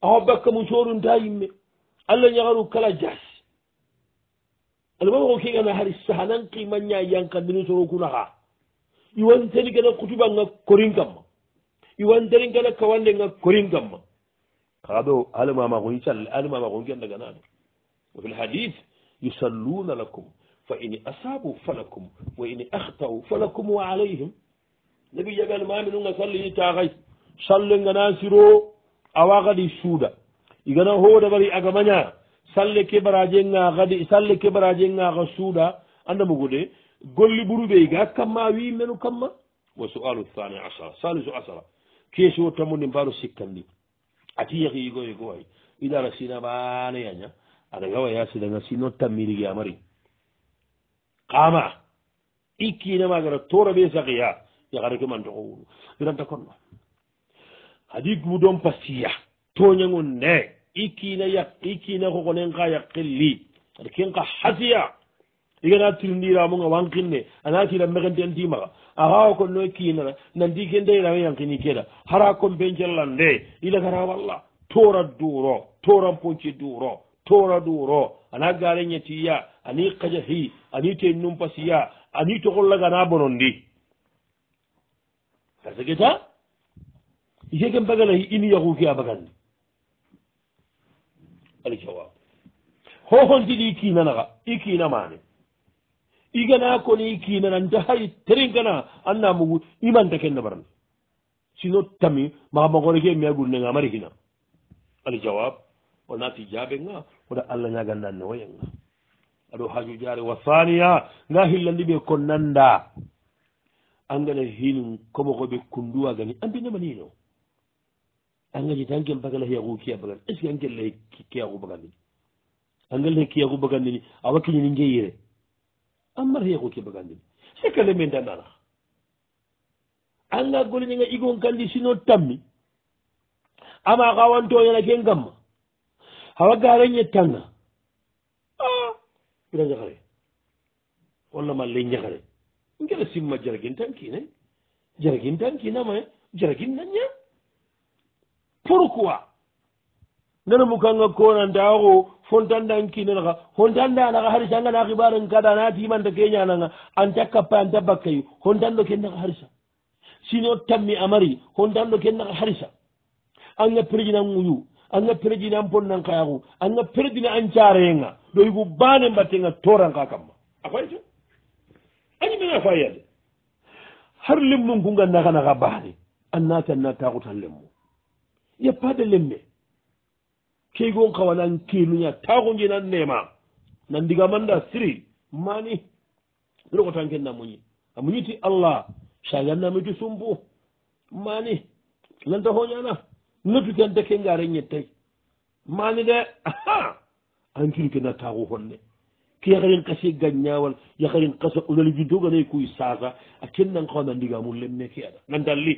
awa bakka mu corunta yimme allah ñagaru kala jasi almamako kegana hari sahanan qimaña yankandini soro kunaha iwanteni gana kutuba nga korin kamma iwanteni gana kawande nga korin kamma kaɗo almamakoyi calle almamakon kendaganano wafi lhadith yusalluna lakum fa in asabu falakum wa in ahtau falakum wa alayhim nabi jagal mami nunga salli tahay salle ngana siro awa kadi suuda igana hoda bari aga maña salle kebaraje ngaaxadi salle kebaraje ngaaxa suuɗa andamugo de golli ɓuruɓe ga kamma wi menu kamma wa soalu thani asara salisu asara keesi o tammude mbaaro sikkandi ati yeki yigoye go way iɗara sina baane yaña aɗa ngawa yasidanga sino tammirigi amari qaama ikkiinama gara tora ɓe sakiya yakara ke mantoko wuru iranta konno hadi gudon pastiya toñangon ndee ikina yak ikina ko konen ka yak kelli ada ken ka hasiya igana tirindira mo nga wankinne ana tira megente anti maga aga ko no kina nan di ken dey rawe yankini keda hara ko benjellan de ila gara walla tora duro tora ponci duro tora duro ana gare nyati ya ani qajahi ani te num pasiya ani to kollaga na bonondi kasegeta ike ken bagala ini yahu kiya bagandi ali jawab hohontiɗi kinanaka i kinamani igana koni ikinana ndahay teringana anna mugu imanta kenna baran sino tami makamagono ke mi agurnenga mari hina ali jawab onati jaɓenga oɗa allah ñagandanne wayenga aɗo haju jare wa thania nga hillandi ɓe ko nanda angana hinum komokoɓe kunduwagani ambinamanino angaji tan ken bagala hiyagu kiya bagan est ce que ankelle kiyagu bagandini angalle he kiyagu bagandini awa kiñini geyire ammar hiyagu ki bagandini sikkale men dannanaa anga golñinga igon kandi sino tammi ama ko awanto yana ken gamma hawa gare ñettanga a ira jakare walla malle jakare ngera simma jaragin tan kine jaragin tan kinama jaragin nanña pourquoi nene mu kanga konandaaxo fontandankinenaxa hontandanaxa har sangana xibaren kada na timanta keñananga anta kappa anta bakkayu hontando ken naxa harsa sino tammi amari hontando ken naxa harsa anga prédinan uyu anga prédinan ponnan kayaxu anga prédina ancarenga doyigu bane mbattenga toranka kamma a fayta añimena fayade har lemmun kunga naxanaxa bane annatanna taxutan lemmu yeppade lemme keygu on kawa nan kiluña tako je nan nema nan diga manda siri mani roko tanken na muñi a muñiti allah sagan namiti sumbu mani lanta hoñana notuken deke ngare ñettay mani de aha antin kena taku honne ke yakarin kasi gagnawal yakarin kasa ulaliji doganay kuy saga a kennan kawa nan diga mum lemme ke aɗa nandalli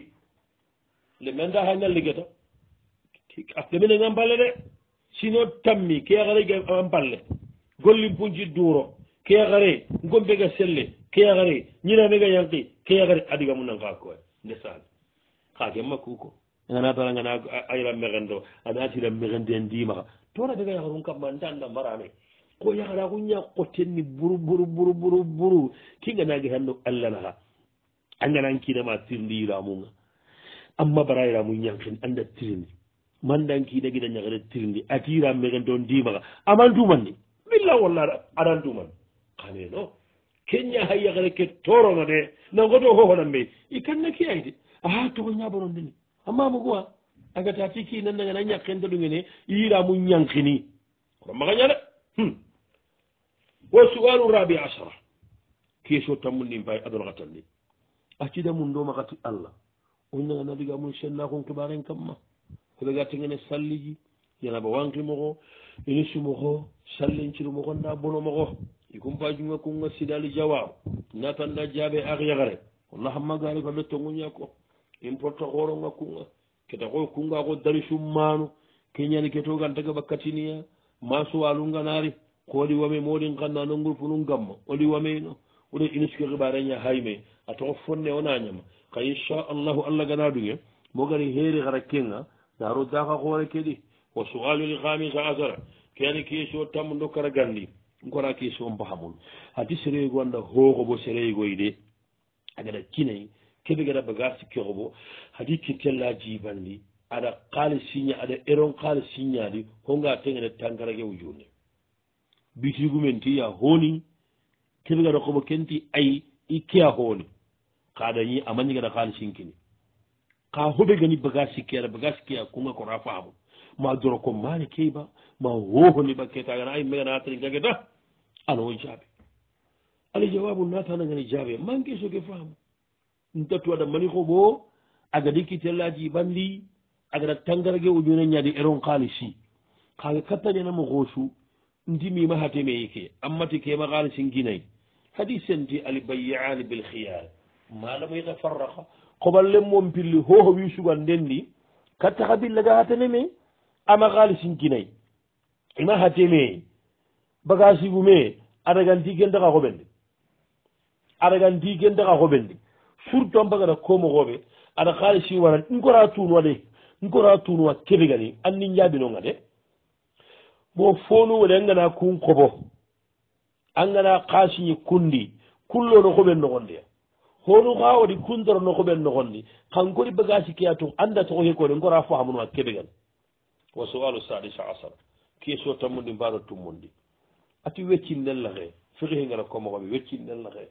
lemme anda hay nalligeta asde minen an balle de sino tammi keyakare ge an balle gollin punji duuro keyakare gombe ga selle keyakare ñinami ga yanki keyakare adiga mu nan kakoy nde sal kake makkuko ngana tara ngana ayra mexendo ana tira mexende ndimaxa tora ɓega yakarun kamma ndanna marame ko yakara ku ña qotenni buru buru buru buru buru kinganage hanno allah naxa a ngana kinama tirndi yiramunga amma bara yiramu ñankin anda tirindi mandan kiɗa giɗa ñagre tirndi atiram megen ton ndimaka amantumanni milla walla aɗantumanni kaneno keña hay yagre ke torono de nangoto hohonan mbey i kanna kiyayde aha togo ñabono ndeni amamo goa agata ti ki nandagana ñakkente ɗumene yiramu ñankini koɗo magañane hmm. wo sual rabi asara keso tammundin fay adonakatanni accidamum ndo makati allah o ñaganadigamum senna kon kibaren kamma heɓe gartingene salliji yanaba wankimoko inisumoko sallincirumoko nda bonomoko i kumpa junga kunga sidali jawaw natanda jaabe akyakare wallahammagari fa mettoguñako importa horonga kunga keta koy kunga ko dari summanu keñani ketogan taga ɓakkatiniya masuwalunganari kowaɗi wame moɗin kanna non groupe num gamma oɗi wameyno oɗo inuske heɓareña hayme a toko fonne onañama kay inchallahu allah ganaɗuge mogari heeri hara kenga daro daka hoore keɗi wa sualu li hamisa asara keani kesio tammo dokkata gandi gora kesio mbahamun hati sereygo anda hoogobo sereygo yde agaɗa kinayi keɓe gaɗa bagasi kehobo hadi kintella jibandi aɗa kaali signa aɗa eron kaali signadi honga tengeɗa tankarake wujunde bitigumen ti ya honi keɓe gaɗa hoobo kenti ayi i ke a honi kaɗa ñi amañi gaɗa kaali sinkini ka hoɓe gani baga sikki ara baga sikki a kunga kora faamu ma doro ko maani keyba ma wohoniɓa ketagana ay megana atani gage da ana o jaabe alay jawabu natanagani jaabe manke soke faamu ntattu aɗa mani ko bo agadi kitellaji ɓanndi agaɗa tangarage o jona ñaadi eron kaali si kaga kattanenamo hoosu ntimima hateme yike ammati kema haali singinayi hadi senti alibayyaani bilhiyar malamoyita farraka koballen mon pilli hoho wi sugan nden ni katta ha billa ga hatane me ama halisin kinay ima hateme bagasigume adaganti kendaka koɓende adaganti kendaka koɓende surtout an bagata komokoɓe aɗa halisi wara nkora tunuwa de nkora tunuwa kebegani anni jabinoga de bo fonu wode an gana kun koɓo an gana kasiñi kundi kullono koɓen nogondeya hono ga oɗi kundorono ko ɓen nogonni kankoni bagage keya to anda togo hekone gora famunoa keɓegal wa sowalu sadis asar keso tammudi mbaɗo tummondi ati weccinnella he fehi he ngara komogoɓe weccinnella he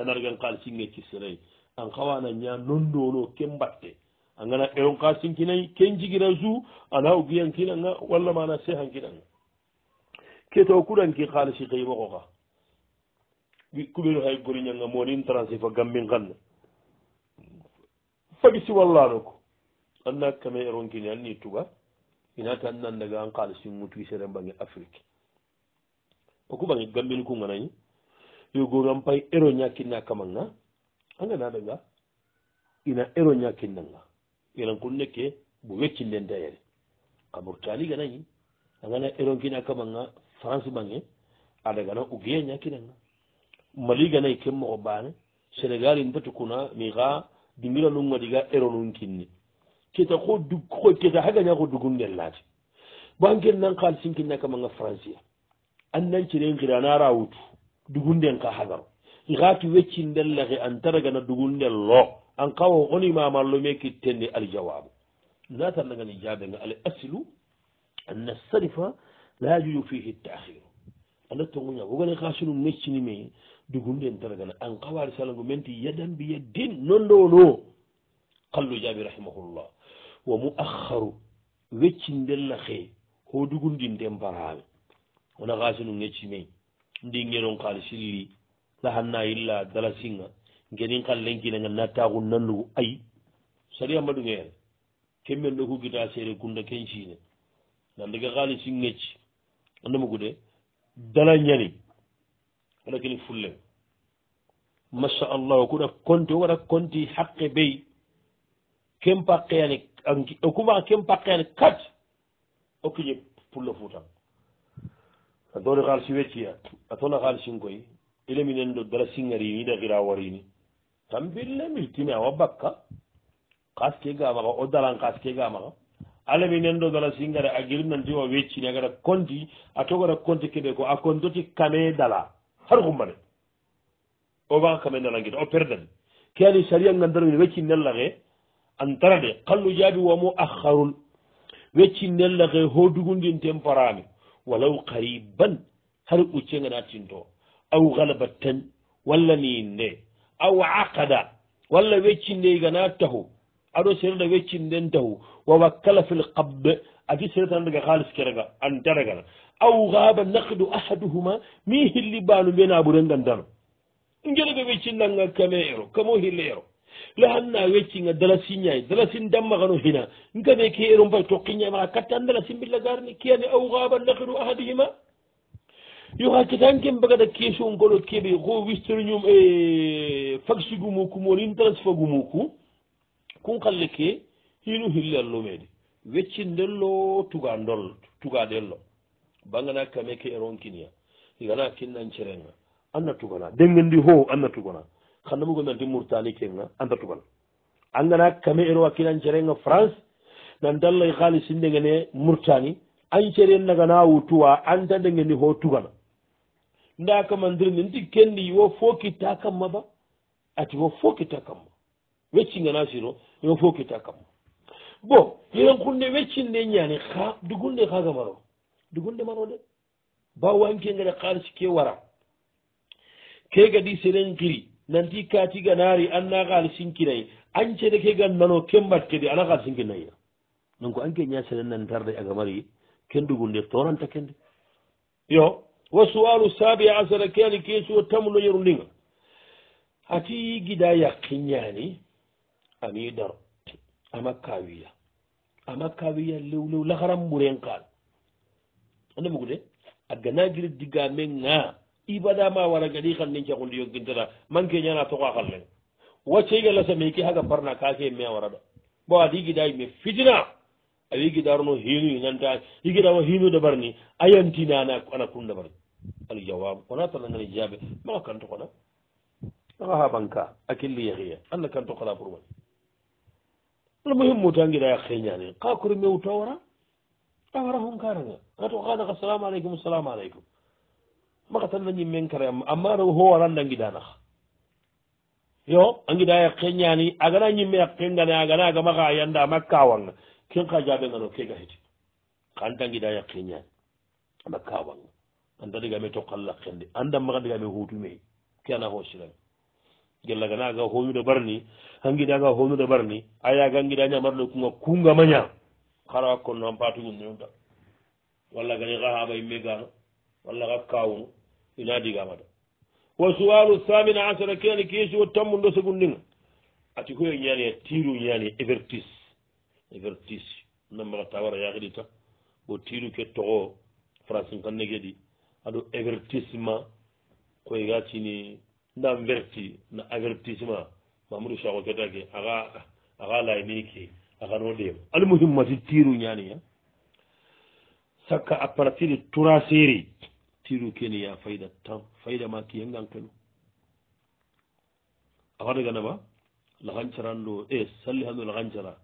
anargan kal singecci serayi an kawana ña nonndono kembatte a gana ɓeon ka sinkinayi ken e jigina su ana ogiyankinanga walla mana se hankinanga ke taw kuɗanki halisi kayimogo ka kuɓeru hay goriñanga mo wonin transifa gammin kanna faɓi si wallano ko anna kame e ronkini anni tuba inata annan daga an kalisi mutui sere bange afrique o ku bange gammin kunganañi yo gogan pay ero ñakkinna kamanga angana daga ina ero ñakkinnanga yenan kun nekke bo weccindente yere kamor cali ganañi angana eronkina kamanga france bange a dagana ugeya ñakkinanga maliganayi kenmogo bane sénégal intatu kuna mi xa dimira nunga diga eronun kinni keta ko dugko keta hagaña ko dugun gellati banken nan xalisinkinna kamanga francia an nan cirin xira na ra wutu dugunden ka hagaro ixa ki weccinden lexe an taragana dugunden lo an xawo oni mamallo me kittenni aljawabu natannagani jabenga al asilu an nastarifa la yajuju fihi taxiru anda tonguña wogani xa sinu meccini mei dugunden taragana an kawari salago menti yadan biya din nondono kallu jaabi rahimahullah wa muakharu weccindella he ho dugundinden barami wona kasinu gecci men ndi genon kal silli lahanna illa dalasinga genin kallenkinaga nattagu nandugu ay sadi amadu gere kemmen ɗo kugita seere gunda kencine nandiga kalisi gecci andamagude dalañani wona kini fullen macha allah o kuɗa konti o waɗa konti haqqe ɓey kempaqeyani o kuma kempaqeyani kat okkiñe pullo fuu tan a dooni haalisi weccia a tona haalisin koy ileminen ɗo dala singarini ɗa xira warini tan bille mi timi awa bakka kaske gamaxa o dalan kaske gamaxa alaminen ɗo dala singare a girinantiwa weccini a gara konti a togara konti keɓe ko a kontoti kame dala har gummane o waga kame nalangeta o perdani ke ani saria ngandarmin wecci nellage an darade kallu jaabi womo akharul wecci nellage ho dugundin ten parami walaw qariban har ɓuccegenatinto aw galaba ten walla ni nde aw aqada walla weccindeygana tahu aɗo serda weccinden tahu wawakkala fil qabbe afi seretanadaga haalis kerega an taragana aw haba nahdu ahaduhuma mi hilli baanu mbiyana ɓurengandano jele ɓe weccinnanga kame ero kamo hilleero lahanna weccinga dalasiñay dalasin dammahano hina ngame e, ke ero mbay tokkiñamaa katta ndalasimbilla garni kiyani aw haba nahdu ahaduhima yo ha kitankin mbagata question golo keɓe ho wistoriñum e fagsigu muku moni dalas fagu muku kun halle ke hinu hillallo meɗe weccindello tuga ndol tuga ɗello bangana kameke e ronkinia igana kinnancerenga anna tugana dengendi ho anna tugana xannamugomenti mourtani kenga anta tugana angana kame erowa kinancerenga france nantallay xaalisindengene mourtani ancere nagana wutuwa anta dengendi ho tugana nda kamandirini nti kendi wo fo kitta kamma ba ati wo fo kitta kamma weccingana sino iwo fo kitta kamma bon iren kunde weccinde ñani xa dugunde xa gamaro du gonɗe mano de bawwanke gede haalis ke wara ke gadi seɗen kiri nanti katiga naari anna haalisinkinayi ancede ke gan nano kembatkede ala haalisinkinayya donc anke ña seɗen nan tarde agamari ken dugunde toranta kende yo wa suwalu saabi asara ke ani kesuwo tamno yeru ndiga ati gida yakkiñani ami dar ama kawiya ama kawiya lewlew laharan mburen kaal andamo gude a ganagiri digamen nga ibada ma wara gadi xan ne jaxundi yogintata manke ñana toxa xal leng waccegalasame ke haga barna kake me a wara ɗo bo adi gidayi me fitina awi gidaruno hinu nanta i gidama hinu dabarni ayantina ana ana kun dabar al jawab ona tanangani jaabe maxa kanto xona maxa xabanka a killi yaxiya anna kanto xala pour mani almuhim mutangidaya xeñane xa kurmewuta wara a wara hunkaranga gato kaanaka salamu aleykum salamu aleykum maka tan nañi men kare amma ro ho wala nangiɗanaka yo a giɗa yakkeñani agana ñimme yakkengane agana agamaka yanda makkawanga ken ka jaɓengano kega heti kan tangiɗa yakkeñani makkawanga anda ɗigame tokkallakkende anda maka ɗigame hutume ke ana hosiran gellagana aga homiɗo ɓarni a giɗa aga homiɗo ɓarni ayaga giɗa ñamarɗo kuga kungamaña kara wakkonnoan patugunnenta walla gani ka haaɓa yimɓe gaano walla ka kawuno ina digamata wa suwalu samine asara kiani keesi wo tammu ndo segundinga ati koye ñaani a e tiiru ñaani évertice évertice nammaka tawara yaahiɗita bo tiiru ke toxo francin kanne geɗi aɗo évertissement koye ga tini na verti na avertissement mamadou sago ketake aga aga layni ke aganoo ɗeema almuhimmati tiiru ñaani ha sakka à partir de trois série tiru kene ya fayda tan fayda ma kiye gankeno a fada ganama lahancaran ɗo e salli hano lahancara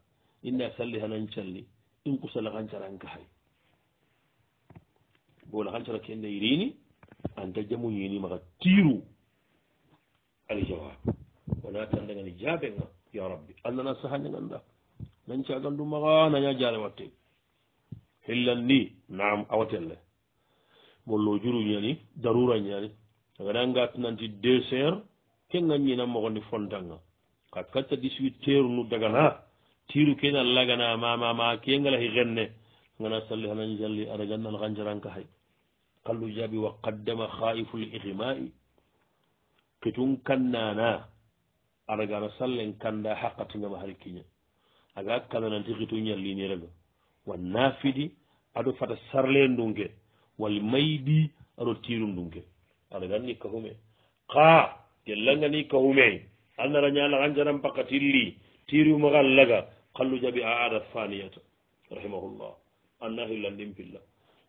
inna salli hanan calli in kusa lahancaran gahay bo lahancara kenne irini anta jamuyini maga tiru aljawab wona tandagani jaɓega ya rabbi annana sahaña ganda nancagandu maga naña jare watteɓe hillan ni naam awatelle bollo juru ñani darura ñani agada ngat nanti deux heures ke ngañina mogondi fontanga ka katta dix huit teeru nu dagana tiru kena lagana mamama ke ngalahi genne ngana salli hanan jalli ada gannal ganjaranka hay kallu jabi wa qaddama khaifu l ihmai kitun kannana ada gana sallen kanda haqatingama hari kiña aga kana nanti kitu ñallini raga wa naafiɗi aɗo fata sarlendungel wal mayɗi aɗo tirundungel aɗa ganni kahume ka gellangani kahume annara ñalakanjaran paka tilli tirumagal laga kallu jaɓi a aɗat faniyata rahimahullah annahillandin pilla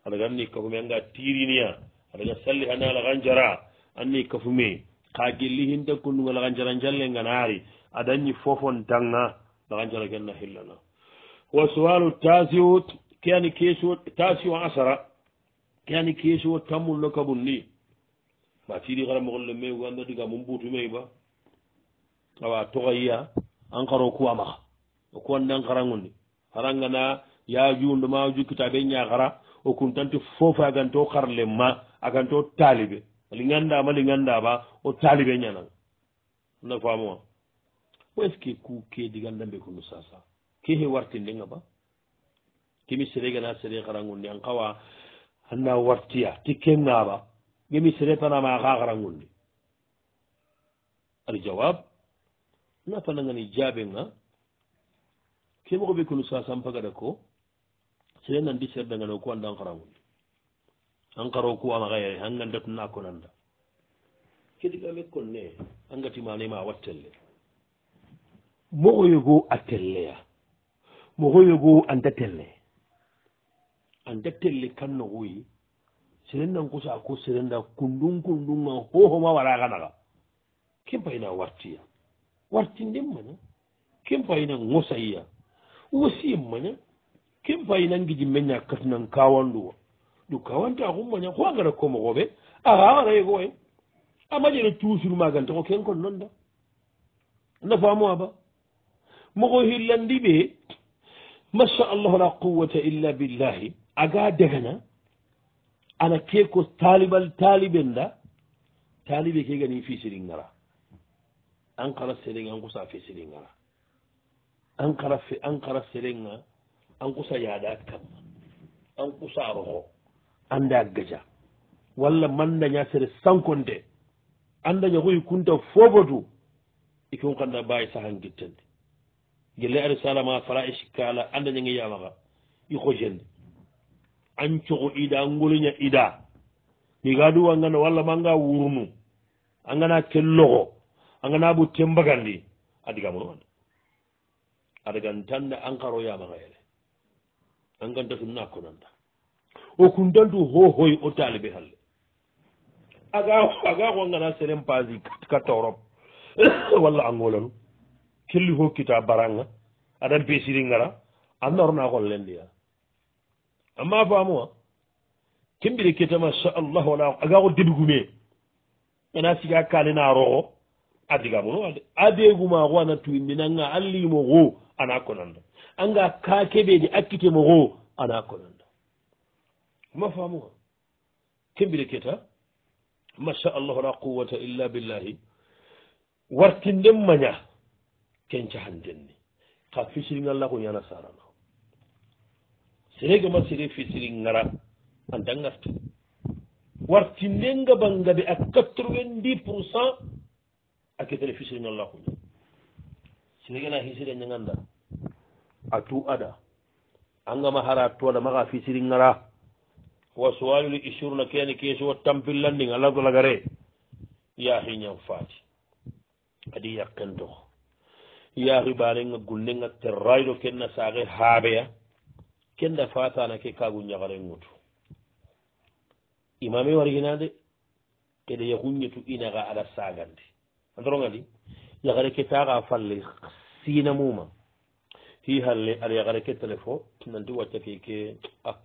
aɗa ganni kahume anga tiriniya aɗaga salli ha nalakanjara anni kafume ka gelli hinta kundugalakanjara jallenganaari adañi fofon danga lakanjara kenna hillana wa suwalu tasiu keani kesuwo tasiu asara keani kesuwo tammullo kabun ni ma siɗi kara mogolle mai go anda diga mum ɓuutu mai ba awa togayiya ankaro kuwa maka o kuwande ankarangu ni harangana ya juundo ma jukkita ɓe ñakara o kuntanti foofa aganto karle ma aganto taliɓe liganndama liganndaba o taliɓe ñanan na faamuwa o est ce que ku ke diganndambe kunu sa sa kehe wartindiga ba kemi sérei gana sére harangundi an kawa anna wartiya tikkenga ba gemi sére panama aka harangundi ar jawab na fanangani jaabenga kemogoɓe kunu sasan pagada ko sére nandi serdangano ku anda an harangundi an karo ku amagayare an gandatuna konanda kedigame konne angatimanema a wattelle mogoyogo a telleya mo hoyogo anda telle anda telle kanno hoyi serendan ko sako serenda kundun kundunga hohoma waraganaga kempayina wartiya wartinden mana kempayina gosayiya wosiye maña kempayina giji meña katinan kawanduwa du kawanta kummaña ho angara komogoɓe aha ara yego wayi amaƴere tuusur magante ko ken kon non da nafamo aba moko hillandi ɓe machallahu la quwata illa billahi aga degana ana ke ko taalibal taaliben da taalibe ke gani fi siri ngara an kara serenga an kusa fi siri ngara an kara fi an kara serenga an kusa yaada kam an kusa roho anda gaja walla manda nya sere sankonde anda nya koy kunta fobodu ikon kanda baye sahan gittande gelle ari salama fala e sikkaala annda ñange yamaxa iko jende an coxo ida ngoliña ida miga duwangana walla manga wurnu a ngana ten loxo a ngana bo ten mbagandi a digamonoanda adagantanda an xaro yamaxa yele an ganta tun na konanda o kuntantu hohoy o talibe halle aga aga xo a ngana selen pasi kat kat europe <coughs> walla angolanu telli ho kita baranga adan pesiri ngara annorna gol lendiya amma famo kembire keta masha allah wala aga go dibigume ena siga kale na roo adiga mo ade guma go na tu minanga alli mo go ana konanda anga ka kebedi akite mo go ana konanda amma famo kembire keta masha allah wala quwwata illa billahi wartinden maña kenca handenni ka fisirin allah ko yana sarana serege ma sere fisirin ngara anda ngarta banga bangabe ak 90 pourcent aketele fisirin allah ko sinegena hisire ñaganda a Atu ada angama to da maga fisirin ngara wa suwalul na kene keesi wo tampillandin allah ya hinya fati adi yakken dogo yaahibaane nga gullenga terrayɗo kenna saahe haaɓeya kennda fatanake kaagu ñagarenŋutu imame warhinande eɗe yahunñetu inaga aɗa sagande adorogadi yahare ketaaga falle siina muma hi halle aɗa yahare kettale fo nanti wacca keke a ah,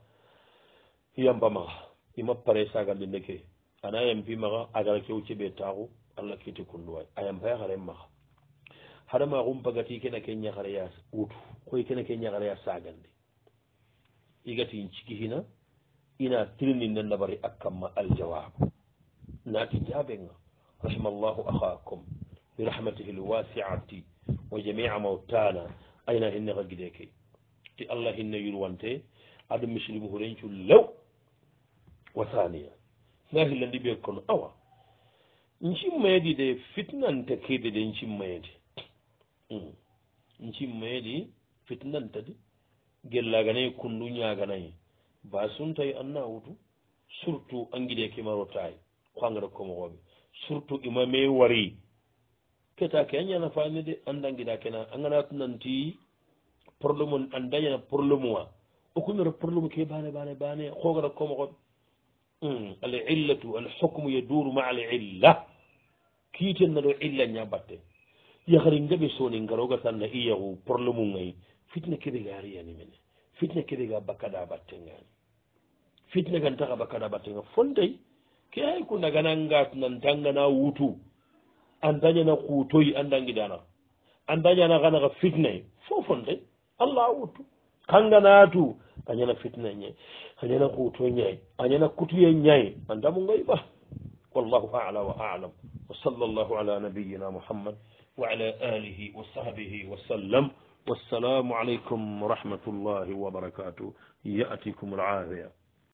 yampa maga ima pare sagandinde ke ana yampimaga agara kewceɓe taaku allah kiti kunduway a yampa yahare maga hadama xumpagati kene ke ñaxareya wutu koy kene ke ñaxareya sagande igati cigihina ina tirini ne nabari a kamma aljawabu naati jaɓega rahima llahu axakum bi rahmatihi lwasiati wa jamia mautana ayna hinne xa gideke ti allah hinne yurwante adu muslim hurencu lew wa thania nga hillandi ɓe kono awa ncimmayedi de fitnante kede de ncimmayede Hmm. cimmeeɗi fitnani tadi gellaganayi kundu ñaganayi basuntayi anna wutu surtout angiɗe kimarotaayi ko angata komoxooɓe surtout imame wari keta ke a ñanafaane de andangiɗa kena anganatinanti probléme andañana probléme wa okunora probléme ke bane bane bane xogata komoxooɓe hmm. al illatu al xucme yaduru maa al illa kiitennaɗo illa ñabatte yahari ngaɓe soni ngarogata na iyahu probléme ngay fitna kebe ga ariyani mene fitna kebe ga bakkada battengani fitna gantaka bakkada battenga fontay ke ay ko ndagana ngat nan dangana wutu andañana kuutoy andangiɗana andañana ganaka fitna fofontay allah wutu kanganatu añana fitna ñay añana kuuto ñay añana kutuye ñay andamu ngay ɓa wallahu ala wa alam wa sall llahu ala nabiyina muhammad وعلى آله وصحبه وسلم والسلام عليكم ورحمة الله وبركاته يأتيكم العافية